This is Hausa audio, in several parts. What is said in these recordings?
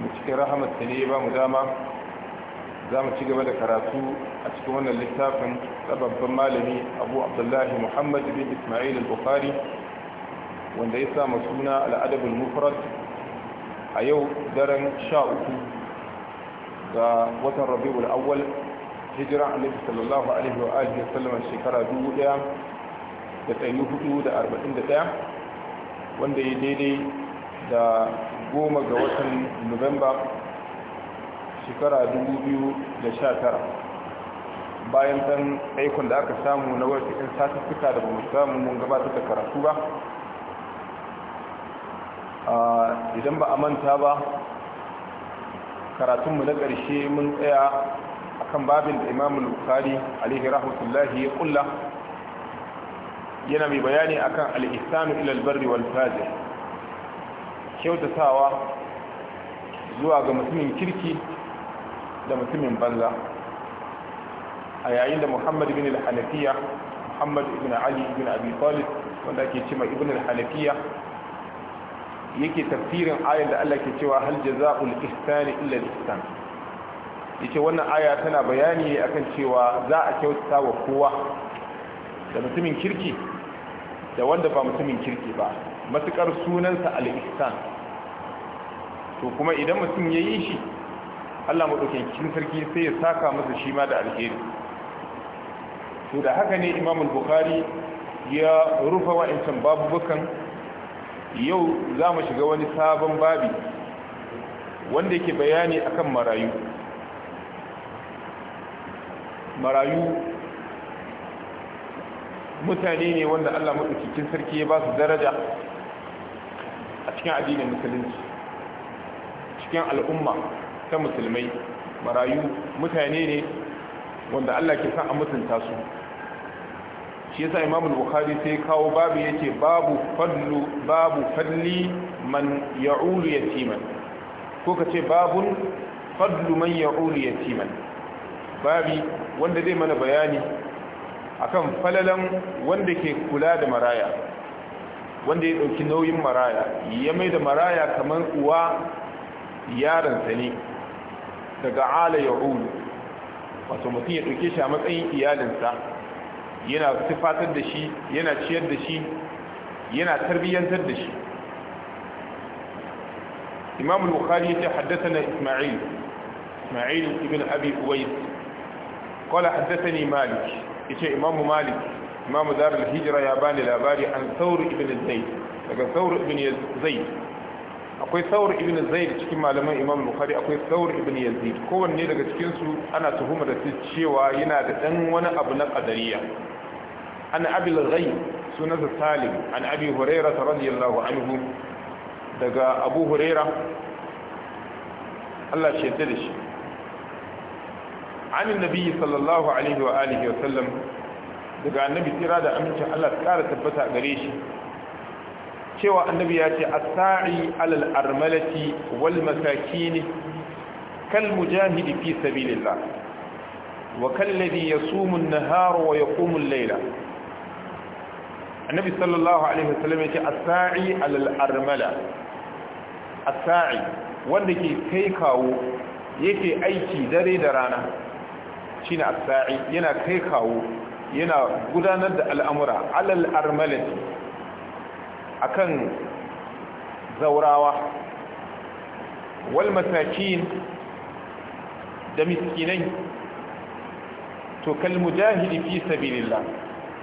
mu cikin rahamarsa ne ba mu dama za mu ci gaba da karatu a cikin wannan littafin sababbin malami abu abdullahi muhammad bin ismail al-bukhari wanda ya sa suna al'adabul mufrad a yau daren sha uku ga watan rabi'ul awwal hijira annabi sallallahu alaihi wa alihi wa sallam shekara dubu daya da ɗari hudu da arba'in da ɗaya wanda ya daidai da goma ga watan nuwamba shekara da tara, bayan ɗan aikon da aka samu na wasu 'yan da bamu samu mun gabata da karatu ba idan ba a manta ba karatunmu na ƙarshe mun tsaya a kan babin da imamul bukari alaihi rahmatullahi ya kulla yana mai bayani akan kan ihsanu ila al wal kyautatawa zuwa ga mutumin kirki da mutumin banza a yayin da muhammad bin al-hanafiya muhammad ibn ali ibn abi talib wanda ke cewa ibn al-hanafiya yake tafsirin ayar da Allah ke cewa hal jaza'ul ihsani illa al-ihsan yace wannan aya tana bayani akan cewa za a kyautata wa kowa da mutumin kirki da wanda ba mutumin kirki ba matukar sunansa al-ihsan to kuma idan mutum ya yi shi Allah maɗaukakin sarki sai ya saka masa shi ma da alheri to da haka ne imamul bukhari ya rufa wa'ancan bukan yau za mu shiga wani sabon babi wanda yake bayani akan marayu marayu mutane ne wanda Allah maɗaukakin sarki ya ba su daraja a cikin addinin musulunci cikin al'umma ta musulmai marayu mutane ne wanda Allah ke san a mutunta su shi yasa Imam Bukhari sai kawo babu yake babu fadlu babu fadli man ya'ulu yatiman ko kace babu fadlu man ya'ulu yatiman babi wanda zai mana bayani akan falalan wanda ke kula da maraya wanda ya dauki nauyin maraya ya mai da maraya kamar uwa sa ne daga ala ya ulu wato mutum ya ɗauke shi a matsayin iyalinsa yana tufatar da shi yana ciyar da shi yana tarbiyyantar da shi imam al-bukhari ya haddasa na isma'il isma'il ibn abi uwais قال حدثني مالك يتي imam malik imam دار الهجرة ya bani labari an ثور ibn الزيد daga ثور ibn زيد akwai saur ibn zaid cikin malaman imam bukhari akwai saur ibn yazid kowanne daga cikin su ana tuhumar da cewa yana da dan wani abu na qadariya an abil ghayb sunan salim an abi hurairah radiyallahu anhu daga abu hurairah Allah shi yadda da shi an annabi sallallahu alaihi wa alihi wa sallam daga annabi tira da amincin Allah ta kara tabbata gare shi cewa annabi ya ce as-sa'i alal armalati wal masakin kal mujahidi fi sabilillah wa kal ladhi yasumu an-nahara wa yaqumu al-layla annabi sallallahu alaihi ya ce as-sa'i alal armala as-sa'i wanda ke kai kawo yake aiki dare da rana shine as-sa'i yana kai kawo yana gudanar da al'amura alal armalati akan zaurawa wal masakin da miskinai to kal mujahidi fi sabilillah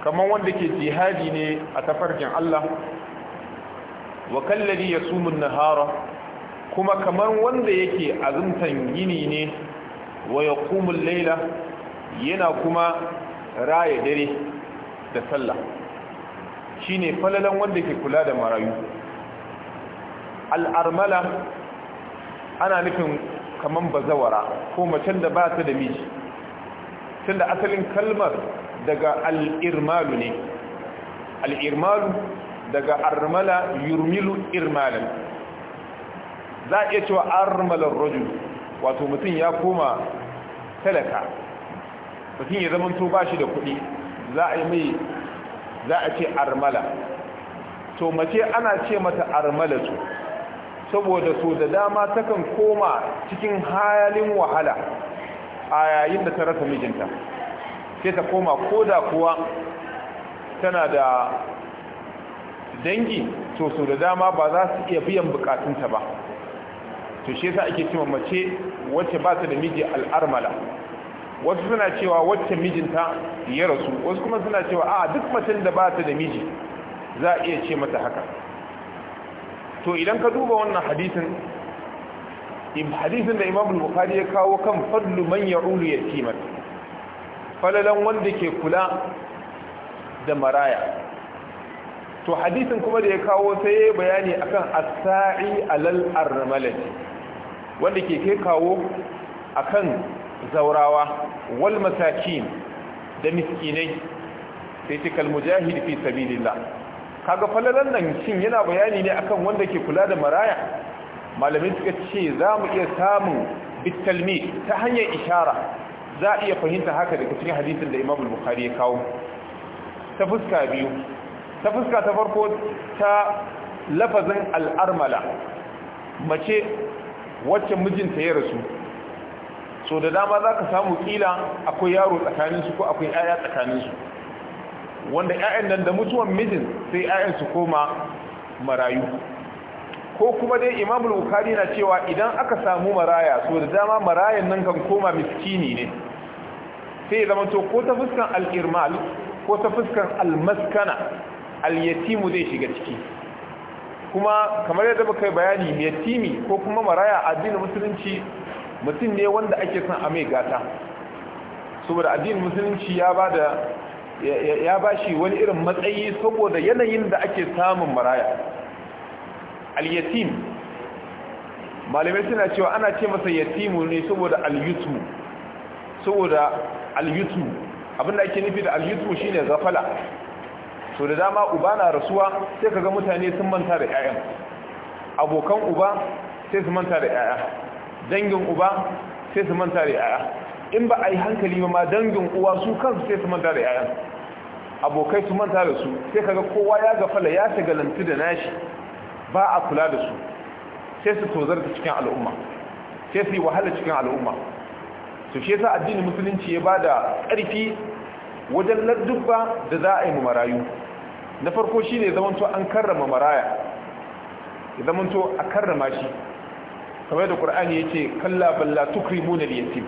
kaman wanda ke jihadi ne a tafarkin Allah wa kal ladhi yasumu nahara kuma kaman wanda yake azumtan yini ne wa yaqumu layla yana kuma raya dare da sallah shine falalan wanda ke kula da marayu al'armala ana nufin kamar bazawara ko macen da ba ta da miji da asalin kalmar daga al'irmalu ne al'irmalu daga armala yurmilu irmalan za a iya cewa armalar rajul wato mutum ya koma talaka mutum ya zama to ba shi da kuɗi za a yi mai za a ce armala to mace ana ce mata armala tu saboda su da dama takan koma cikin halin wahala a yayin da ta rasa mijinta sai ta koma ko da kuwa tana da dangi to su da dama ba za su iya biyan bukatunta ba to shi yasa ake cewa mace wacce ba ta da miji al'armala wasu suna cewa wacce mijinta ya rasu wasu kuma suna cewa a duk mutum da ba ta da miji za a iya ce mata haka to idan ka duba wannan hadisin hadisin da imam bukhari ya kawo kan fadlu man ya'ulu yatimat falalan wanda ke kula da maraya to hadisin kuma da ya kawo sai ya bayani akan as-sa'i alal armalati wanda ke kai kawo akan zaurawa wal masakin da miskinai sai tikal mujahid fi sabilillah kaga falalan nan shin yana bayani ne akan wanda ke kula da maraya malamai suka ce za mu iya samun bitalmi ta hanyar ishara za a iya fahimta haka daga cikin hadisin da imam bukhari ya kawo ta fuska biyu ta fuska ta farko ta lafazin al'amala. mace wacce mijinta ya rasu so da dama za ka samu kila akwai yaro tsakaninsu ko akwai 'ya'ya tsakaninsu wanda 'ya'yan nan da mutuwan mijin sai 'ya'yan su koma marayu ko kuma dai imam bukari na cewa idan aka samu maraya so da dama marayan nan kan koma miskini ne sai zama to ko ta fuskan al'irmal ko ta fuskan almaskana al-yatimu zai shiga ciki kuma kamar yadda muka yi bayani yatimi ko kuma maraya addinin musulunci mutum ne wanda ake son a mai gata saboda addinin musulunci ya ba da ya ba shi wani irin matsayi saboda yanayin da ake samun maraya al-yatim malamai suna cewa ana ce masa yatimu ne saboda al-yutu saboda al-yutu abinda ake nufi da al-yutu shine gafala so da dama uba na rasuwa sai kaga mutane sun manta da 'ya'yan abokan uba sai su manta da 'ya'ya dangin uba sai su manta da yaya in ba a yi hankali ba ma dangin uwa su kansu sai su manta da 'ya'ya abokai su manta da su sai kaga kowa ya gafala ya lantu da nashi ba a kula da su sai su tozar da cikin al'umma sai su yi wahala cikin al'umma to shi yasa addinin musulunci ya ba da ƙarfi wajen ladduba da za a yi mu marayu na farko shine zamanto an karrama maraya zamanto a karrama shi kamar da ya ce kalla balla tukrimuna al-yatim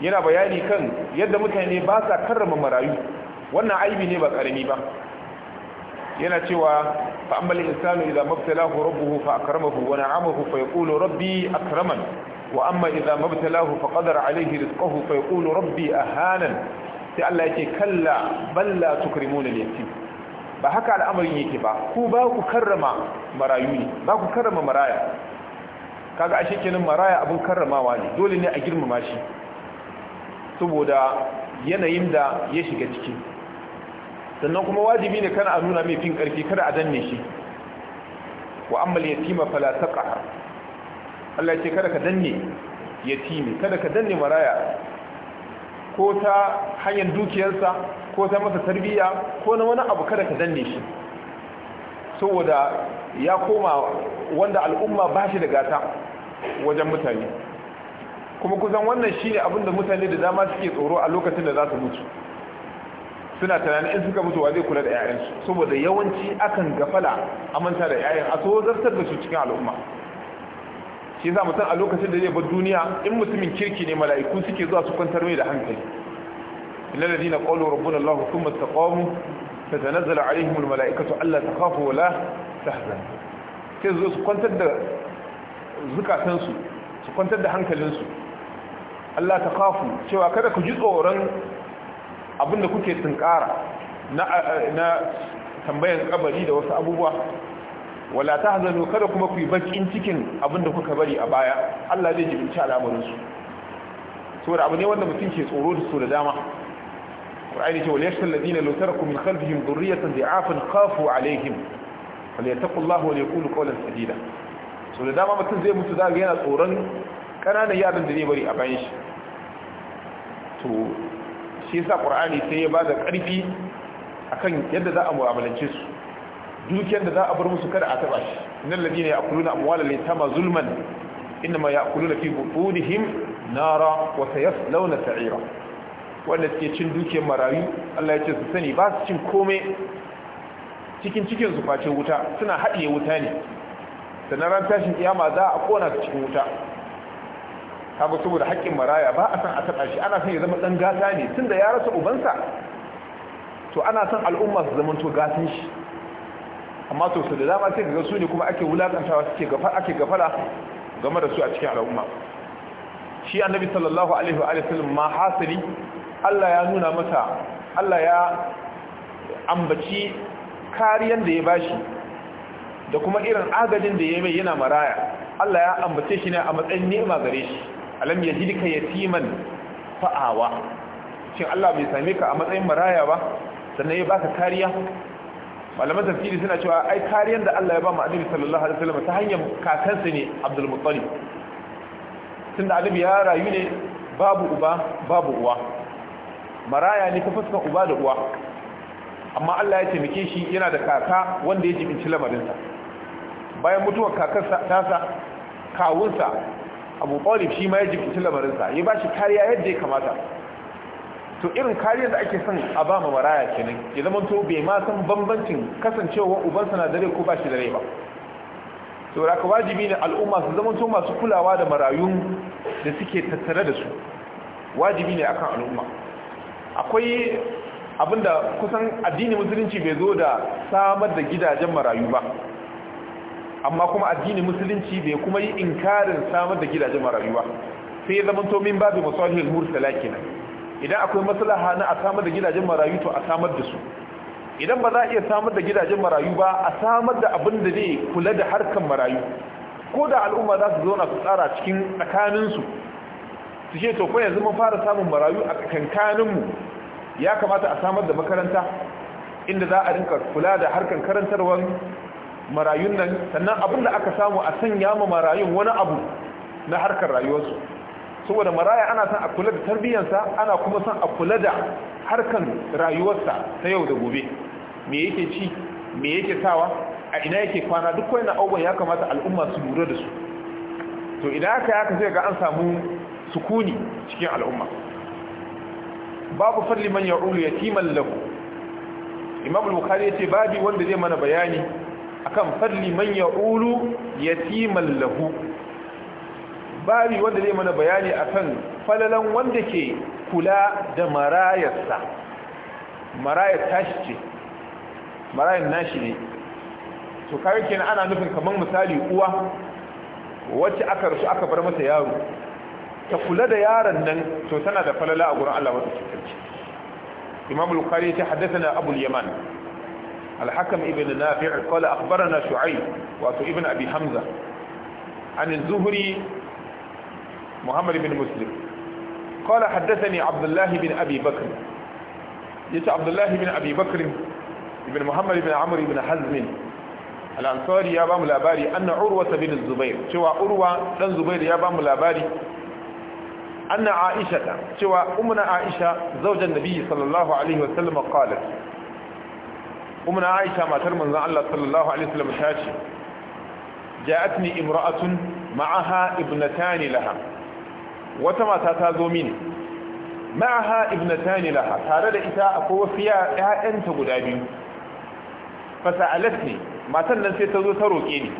yana bayani kan yadda mutane ba sa karrama marayu wannan aibi ne ba ƙarami ba yana cewa fa amma al-insanu idza mabtalahu rabbuhu fa akramahu wa na'amahu fa yaqulu rabbi akraman wa amma idza mabtalahu fa qadara alayhi rizqahu fa yaqulu rabbi hanan sai Allah yake kalla balla tukrimuna al-yatim ba haka al'amarin yake ba ku ba ku karrama marayu ne ba ku karrama maraya kaga ashe kenan maraya abin karramawa ne dole ne a girmama shi saboda yanayin da ya shiga ciki sannan kuma wajibi ne kana a nuna mai fin karfi kada a danne shi wa ammal yatima fala taqhar Allah ce kada ka danne yatimi kada ka danne maraya ko ta hanyar dukiyarsa ko ta masa tarbiyya ko na wani abu kada ka danne shi saboda ya koma wanda al'umma ba shi da gata wajen mutane kuma kusan wannan shine abin da mutane da dama suke tsoro a lokacin da za su mutu suna tunanin in suka mutu wa zai kula da 'ya'yansu saboda yawanci akan gafala a manta da 'ya'yan a tsoro zartar da su cikin al'umma shi za mutum a lokacin da zai bar duniya in mutumin kirki ne mala'iku suke zuwa su kwantar mai da hankali inna ladina qalu rabbuna allah thumma istaqamu tatanazzalu alaihim almala'ikatu alla takhafu wa la tahzan sai su kwantar da zukatansu su kwantar da hankalinsu Allah ta kafu cewa kada ku ji tsoron abinda kuke tunkara na tambayan kabari da wasu abubuwa wala ta hazanu kada kuma ku yi bakin cikin abinda kuka bari a baya Allah zai jibinci al'amuransu. saboda abu ne wanda mutum ke tsoro da su da dama Qur'ani ce wala yashal ladina law taraku min khalfihim dhurriyatan dha'afan khafu alaihim falyattaqullaha wa yaqulu qawlan sadida so da dama mutum zai mutu za ga yana tsoron kananan yaran da zai bari a bayan shi to shi yasa ƙwar'ani sai ya bada ƙarfi akan yadda za a mu'amalance su dukiyar da za a bar musu kada a taba shi Nan ya na amuwalar ne ta ma zulman ya kulu na fi butunihim nara ya launa sa'ira wanda suke cin dukiyar marayu Allah ya ce su sani ba su cin komai cikin cikin su face wuta suna haɗiye wuta ne sannan ran tashin kiyama za a kona cikin wuta kaga saboda haƙƙin maraya ba a san a taɓa shi ana son ya zama ɗan gata ne tun da ya rasa ubansa to ana son al'umma su zama to gatan shi amma to su da dama sai ga su ne kuma ake wulaƙantawa suke gafa ake gafara game da su a cikin al'umma shi annabi sallallahu alaihi wa sallam ma hasali Allah ya nuna masa Allah ya ambaci kariyan da ya bashi da kuma irin agajin da ya mai yana maraya Allah ya ambace shi ne a matsayin nema gare shi alam yajidka yatiman fa'awa shin Allah bai same ka a matsayin maraya ba sannan ya baka kariya malaman tafsiri suna cewa ai kariyar da Allah ya ba mu annabi sallallahu alaihi wasallam ta hanyar kakansa ne Abdul Muttalib tunda annabi ya rayu ne babu uba babu uwa maraya ne ta fuskar uba da uwa amma Allah ya taimake shi yana da kaka wanda ya jibinci lamarinsa bayan mutuwar kakarsa tasa kawunsa abu ƙwalif shi ma ya jikin lamarinsa ya ba shi kariya yadda ya kamata to irin kariyar da ake son a ba ma maraya kenan ya zama to bai ma san bambancin kasancewa ubansa na dare ko ba shi dare ba to raka wajibi ne al'umma su zama to masu kulawa da marayun da suke tattare da su wajibi ne akan al'umma akwai abinda kusan addinin musulunci bai zo da samar da gidajen marayu ba amma kuma addini musulunci bai kuma yi inkarin samar da gidajen marayuwa sai ya zamanto min babu masalihul mursala kenan idan akwai maslaha na a samar da gidajen marayu to a samar da su idan ba za a iya samar da gidajen marayu ba a samar da abin da zai kula da harkan marayu ko da al'umma za su zauna su tsara cikin tsakaninsu su ce to ko yanzu mun fara samun marayu a kankanin mu ya kamata a samar da makaranta inda za a rinka kula da harkan karantarwar marayun nan sannan abin da aka samu a sanya ma marayun wani abu na harkar rayuwarsu saboda maraya ana san a kula da tarbiyyarsa ana kuma san a kula da harkar rayuwarsa ta yau da gobe me yake ci me yake sawa a ina yake kwana duk wani abubuwan ya kamata al'umma su lura da su to idan aka yaka zai ga an samu sukuni cikin al'umma babu fadli man ya'ulu yatiman lahu imam al-bukhari yace babi wanda zai mana bayani akan fadli man ya ulu yatiman lahu bari wanda zai mana bayani akan falalan wanda ke kula da marayarsa marayar tashi ce marayar nashi ne to kayan kenan ana nufin kamar misali uwa wacce aka rasu aka bar mata yaro ta kula da yaron nan to tana da falala a gurin Allah wata cikin imam al-bukhari ya ce haddathana abul yaman الحكم ابن نافع قال أخبرنا شعيب وأتو ابن أبي حمزة عن الزهري محمد بن مسلم قال حدثني عبد الله بن أبي بكر يتي عبد الله بن أبي بكر بن محمد بن عمرو بن حزم الأنصاري يا بام لاباري أن عروة بن الزبير شوى عروة بن الزبير يا بام لاباري أن عائشة شوى أمنا عائشة زوج النبي صلى الله عليه وسلم قالت kuma na aisha matar manzon Allah sallallahu alaihi wasallam ta ce ja'atni imra'atun ma'aha ibnatani laha wata mata ta zo min. ma'aha ibnatani laha tare da ita akwai wasu 'ya'yanta guda biyu fasa'alatni matan nan sai ta zo ta roke ni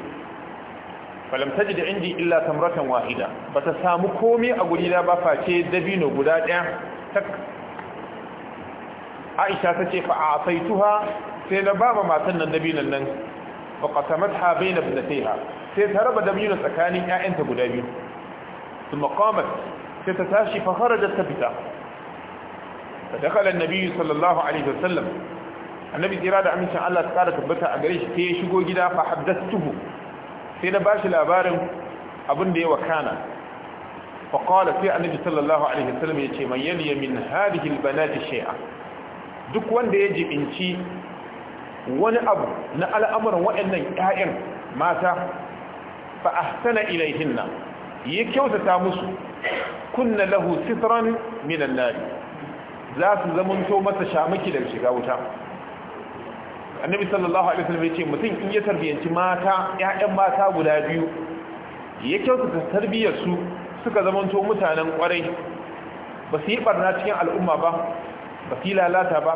falam tajid indi illa tamratan wahida bata samu komai a guri na ba face dabino guda ɗaya tak Aisha tace fa a'taituha sai na ba ma matan nan dabinan nan wa qatamat ha bayna ibnatiha sai ta raba dabinan tsakanin 'ya'yanta guda biyu thumma qamat sai ta tashi fa kharajat tabita Ta dakhala an-nabi sallallahu alaihi wasallam annabi tsira da amincin Allah ta kara tabbata a gare shi ta yi shigo gida fa haddathuhu sai na ba shi labarin abin da ya wakana fa sai annabi sallallahu alaihi wasallam ce man ya min hadhihi al-banati shay'a duk wanda ya jibinci wani abu na al'amuran waɗannan 'ya'yan mata fa ahsana ilayhinna ya kyautata musu kunna lahu sitran min za su zamanto masa shamaki daga shiga wuta annabi sallallahu alaihi wasallam yace mutum in ya tarbiyanci mata ƴaƴan mata guda biyu ya kyautata tarbiyar su suka zamanto mutanen kwarai ba su yi barna cikin al'umma ba ba su yi lalata ba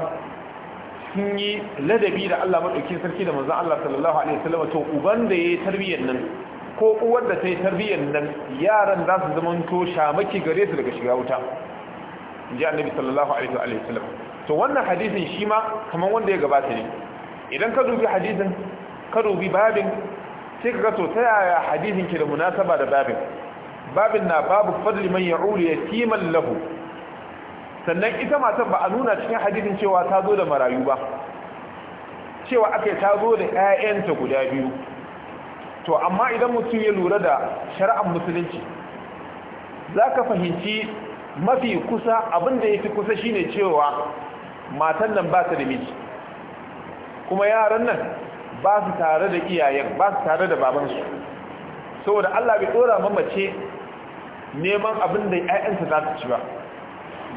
sun yi ladabi da Allah maɗauki sarki da mazan Allah sallallahu alaihi wasallam to uban da yi tarbiyyar nan ko uwar da ta yi tarbiyyar nan yaran za su zama to shamaki gare su daga shiga wuta In ji annabi sallallahu alaihi wasallam to wannan hadisin shi ma kamar wanda ya gabata ne idan ka dubi hadisin ka dubi babin sai ka ga to ta yaya hadisin ke da munasaba da babin babin na babu fadli man ya'ulu yatiman lahu sannan ita matan ba a nuna cikin hadisin cewa ta zo da marayu ba cewa aka ta zo da 'ya'yanta guda biyu to amma idan mutum ya lura da shari'ar musulunci za ka fahimci mafi kusa abin da ya fi kusa shine cewa matan nan ba ta da miji kuma yaran nan ba su tare da iyayen ba su tare da babansu saboda allah bai dora mamace neman abinda da za ta ci ba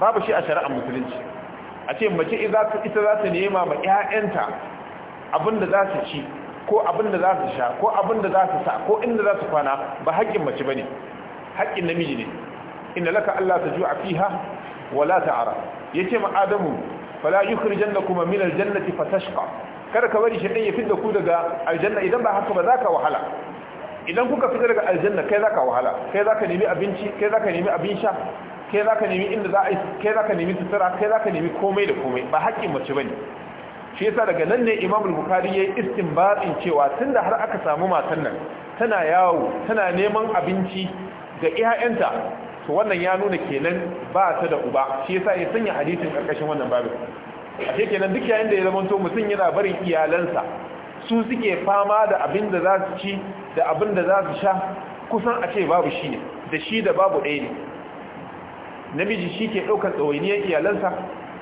babu shi a shari'ar musulunci a ce mace ita za ta nema ma 'ya'yanta abinda za su ci ko abinda za su sha ko abinda za su sa ko inda za su kwana ba haƙƙin mace ba ne. haƙƙin namiji ne inda laka Allah tajua fiha wala ta'ara ya ma adamu fala kuma min aljannati Fatashka. kada ka bari shaɗin ya da ku daga aljanna idan ba haka ba za ka wahala idan kuka fita daga aljanna kai za ka wahala kai za ka nemi abinci kai za ka nemi abin sha kai za ka nemi inda za a yi kai za ka nemi sutura kai za ka nemi komai da komai ba haƙƙin mace ba ne shi yasa daga nan ne imam al-bukhari ya yi istinbatin cewa tunda har aka samu matan nan tana yawo tana neman abinci ga iyayenta to wannan ya nuna kenan ba ta da uba shi yasa ya sanya hadisin karkashin wannan babin a ce kenan duk yayin da ya zamanto mutum yana barin iyalansa su suke fama da abin da za su ci da abin da za su sha kusan a ce babu shi ne da shi da babu ɗaya ne namiji shi ke ɗaukar tsawainiyar iyalansa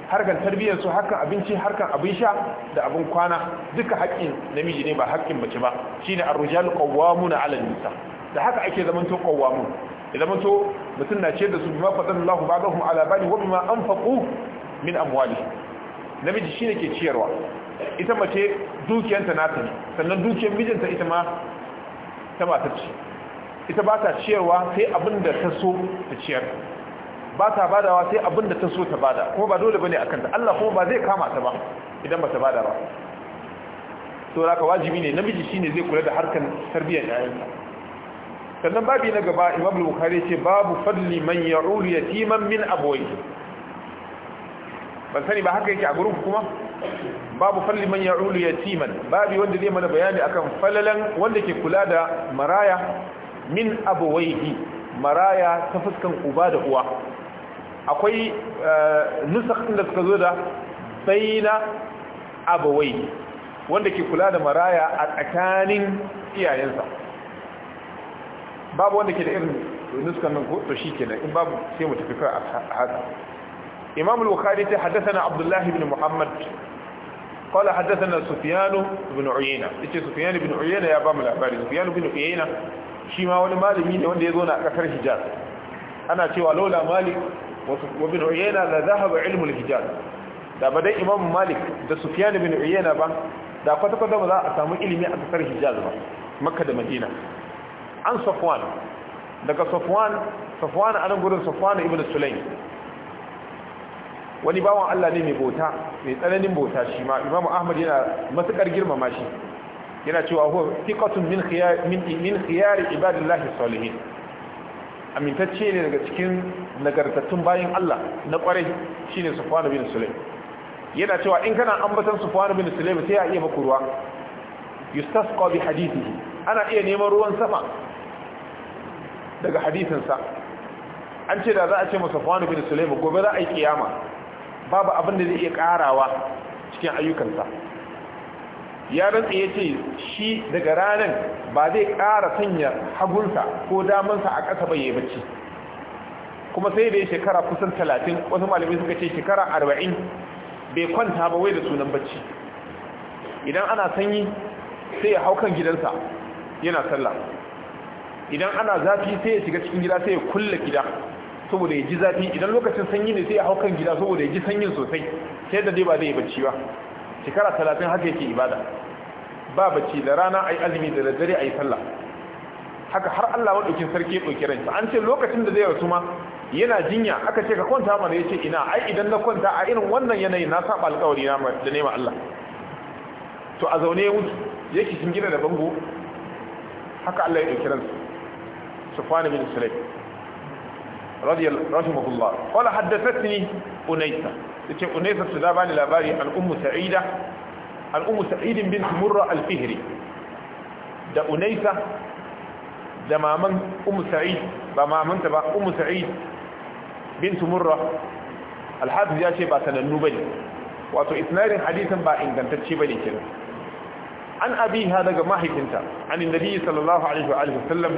harkar tarbiyyarsu harkar abinci harkar abin sha da abin kwana duka haƙƙin namiji ne ba haƙƙin mace ba Shi ne rijalu qawwamuna na alal nisa da haka ake zamanto qawwamun ya zamanto mutum na ce da su bima ba ba'dahum 'ala bani wa bima anfaqu min amwali namiji shi ne ke ciyarwa ita mace dukiyanta nata ne sannan dukiyar mijinta ita ma ta matar ce ita ba ta ciyarwa sai abin da ta so ta ciyar ba ta badawa sai abin da ta so ta bada kuma ba dole ne a kanta Allah kuma ba zai kama ta ba idan ba ta bada ba to haka wajibi ne namiji shi ne zai kula da harkar tarbiyyar ƴaƴansa sannan babi na gaba Imam Bukhari ce babu fadli man ya'ul yatiman min abawayhi ban sani ba haka yake a gurin kuma babu falli man ya'ul yatiman babu wanda zai mana bayani akan falalan wanda ke kula da maraya min abawaihi maraya ta fuskan uba da uwa akwai eh, nusakin da suka zo da baina abawai wanda ke kula da maraya a tsakanin iyayensa babu wanda ke da irin nuskan nan to shi kenan in babu sai mu tafi kai a haka imam al-bukhari ta na Abdullahi bin muhammad haddasa قال حدثنا سفيان بن عيينة يتي سفيان بن عيينة يا بام الأخبار سفيان بن عيينة شي ما wani malami ne wanda ya zo na ƙasar Hijaz ana cewa laula malik وابن da لذهب علم الحجاز da ba dai imam malik da sufyan bin uyayna ba da kwata-kwata ba za a samu ilimi a kasar hijaz ba makka da madina an safwan daga safwan safwan a nan gurin safwan ibn sulaim wani bawan allah ne mai mai tsananin bauta shi ma imam ahmad yana matukar girmama shi yana cewa huwa thiqatun min khiyar min khiyar ibadillahi salihin amintacce ne daga cikin nagartattun bayan Allah na kwarai shine Sufyan bin Sulaim yana cewa in kana ambatan Sufyan bin Sulaim sai ya iya maku ruwa yustasqa bi hadithihi ana iya neman ruwan sama daga hadisin sa an ce da za a ce masa Sufyan bin Sulaim gobe za a yi kiyama babu abin da zai iya karawa cikin ayyukansa ya rantsa ya ce shi daga ranar ba zai ƙara sanya hagunsa ko damansa a ƙasa bai bacci kuma sai da ya shekara kusan talatin wasu malamai suka ce shekara arba'in bai kwanta ba wai da sunan bacci idan ana sanyi sai ya hau kan gidansa yana sallah idan ana zafi sai ya shiga cikin gida sai ya kulle gida saboda ya ji zafi idan lokacin sanyi ne sai ya hau kan gida saboda ya ji sanyin sosai sai da dai ba zai yi bacci ba shekara talatin haka yake ibada ba bacci da rana a yi azumi da daddare a yi sallah haka har Allah maɗaukin sarki ya ɗauki ransa an ce lokacin da zai rasu ma yana jinya aka ce ka kwanta mana ya ce ina ai idan na kwanta a irin wannan yanayi na saba alƙawari na da nema Allah to a zaune ya mutu yake cikin gida da bango haka Allah ya ɗauki ransa Sufyan bin Sulaim radiyallahu rahimahullah qala haddathatni Unaysa yace unaysa su da bani labari al ummu sa'ida al ummu sa'id bin murra al-fihri da unaysa da maman ummu sa'id ba mamanta ba ummu sa'id bin murra al hadith ya ce ba sanannu bane wato isnadin hadisin ba ingantacce bane kenan an abi ha daga mahaifinta an annabi sallallahu alaihi wa alihi wasallam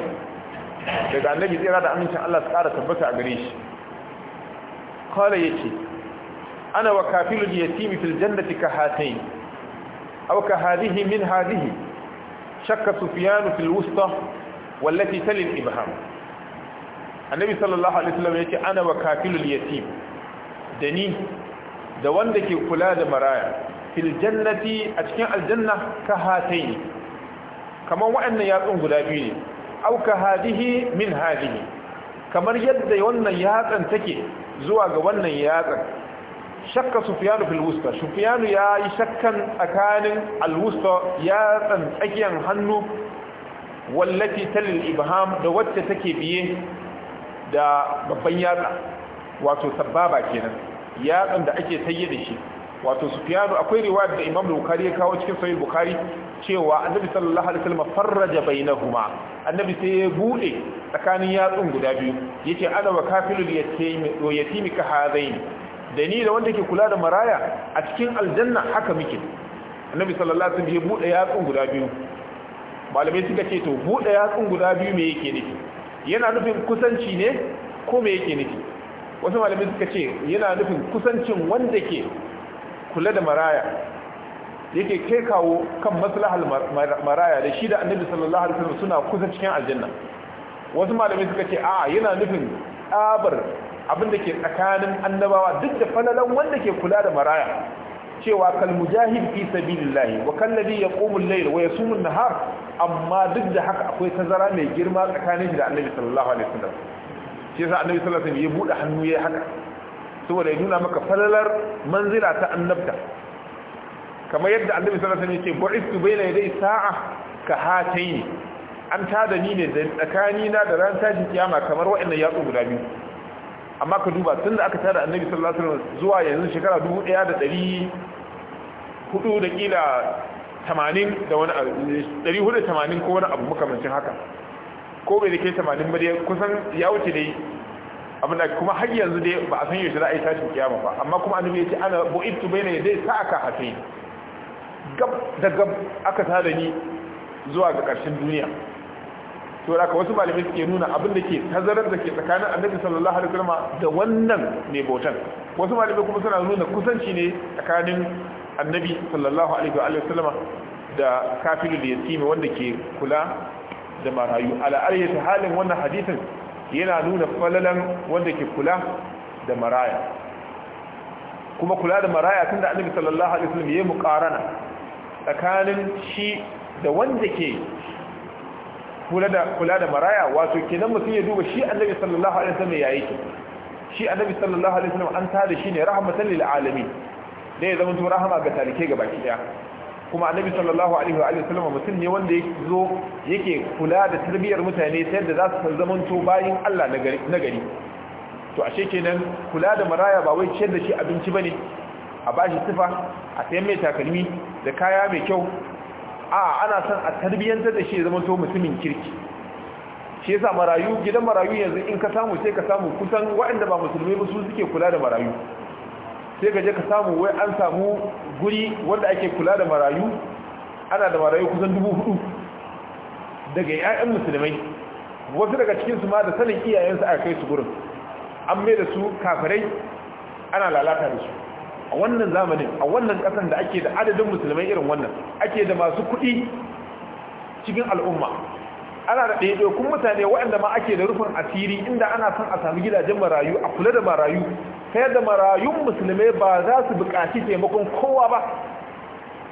daga annabi tsira da amincin Allah su kara tabbata a gare shi kala yake ana wa kafilul yatimi fil jannati ka hatayn aw ka hadhihi min hadhihi shakka sufyan fil wusta wallati tali al ibham annabi sallallahu alaihi wasallam yace ana wa kafilul yatim da ni da wanda ke kula da maraya fil jannati a cikin aljanna ka hatayn Kamar wa'annan yatsun guda biyu ne aw ka hadihi min hadihi kamar yadda wannan yatsan take zuwa ga wannan yatsan shakka sufiyanu fil wusta sufiyanu ya yi shakkan tsakanin alwusta ya tsan tsakiyar hannu wallafi talil ibham da wacce take biye da babban yatsa wato sababa kenan yatsan da ake tayye da shi wato sufiyanu akwai riwayar da imam bukhari ya kawo cikin sahih bukari cewa annabi sallallahu alaihi wasallam farraja bainahuma annabi sai ya bude tsakanin yatsun guda biyu yace ana wa kafilul yatimi ka hadaini da ni da wanda ke kula da maraya a cikin aljanna haka muke annabi sallallahu alaihi wasallam ya bude yatsun guda biyu malamai suka ce to bude yatsun guda biyu me yake nufi yana nufin kusanci ne ko me yake nufi wasu malamai suka ce yana nufin kusancin wanda ke kula da maraya yake kai kawo kan maslahal maraya da shi da annabi sallallahu alaihi wasallam suna kusa cikin aljanna wasu malamai suka ce a yana nufin abar abin da ke tsakanin annabawa duk da falalan wanda ke kula da maraya cewa kal mujahid fi sabilillahi wa kal ladhi yaqumu al-layl wa yasumu an-nahar amma duk da haka akwai tazara mai girma tsakanin shi da annabi sallallahu alaihi wasallam shi yasa annabi sallallahu alaihi wasallam ya bude hannu yayi haka saboda ya nuna maka falalar manzila ta annabta kamar yadda annabi sallallahu alaihi wasallam yake bu'istu baina yaday sa'a ka hataini an tada ni ne da tsakani na da ran tashi kiyama kamar wa'annan yatsu guda biyu amma ka duba tun da aka tara annabi sallallahu alaihi wasallam zuwa yanzu shekara 1400 da kila 80 da wani 480 ko wani abu makamancin haka ko bai da ke 80 ba dai kusan ya wuce dai abin da kuma har yanzu dai ba a san yaushe za a yi tashin kiyama ba amma kuma annabi ya ce ana bu'ittu bayna sa aka hafi gab da gab aka tada ni zuwa ga ƙarshen duniya to da wasu malamai suke nuna abin da ke tazarar da ke tsakanin annabi sallallahu alaihi wasallam da wannan ne bautan wasu malamai kuma suna nuna kusanci ne tsakanin annabi sallallahu alaihi wasallam da kafilu da yatimi wanda ke kula da marayu ala ayyati halin wannan hadisin yana nuna falalan wanda ke kula da maraya kuma kula da maraya tunda annabi sallallahu alaihi wasallam yayi muqarana tsakanin shi da wanda ke kula da kula da maraya wato kenan mutum ya duba shi annabi sallallahu alaihi wasallam ya yake shi annabi sallallahu alaihi wasallam an tada shi ne rahmatan lil alamin da ya zama rahama ga talike ga baki daya kuma annabi sallallahu alaihi wa sallam mutum ne wanda yake zo yake kula da tarbiyyar mutane ta da za su zamanto bayin Allah na gari to ashe kenan kula da maraya ba wai ciyar da shi abinci bane a bashi sifa a sayan mai takalmi da kaya mai kyau a ana son a tarbiyyantar da shi ya zama to mutumin kirki shi yasa marayu gidan marayu yanzu in ka samu sai ka samu kusan waɗanda ba musulmi ba su suke kula da marayu sai ka je ka samu wai an samu guri wanda ake kula da marayu ana da marayu kusan dubu hudu daga 'ya'yan musulmai wasu daga cikinsu ma da sanin iyayensu a kai su gurin an mai da su kafirai ana lalata da su a wannan zamanin a wannan kasan da ake da adadin musulmai irin wannan ake da masu kuɗi cikin al'umma ana da kun mutane waɗanda ma ake da rufin asiri inda ana son a sami gidajen marayu a kula da marayu ta yadda marayun musulmai ba za su buƙaci taimakon kowa ba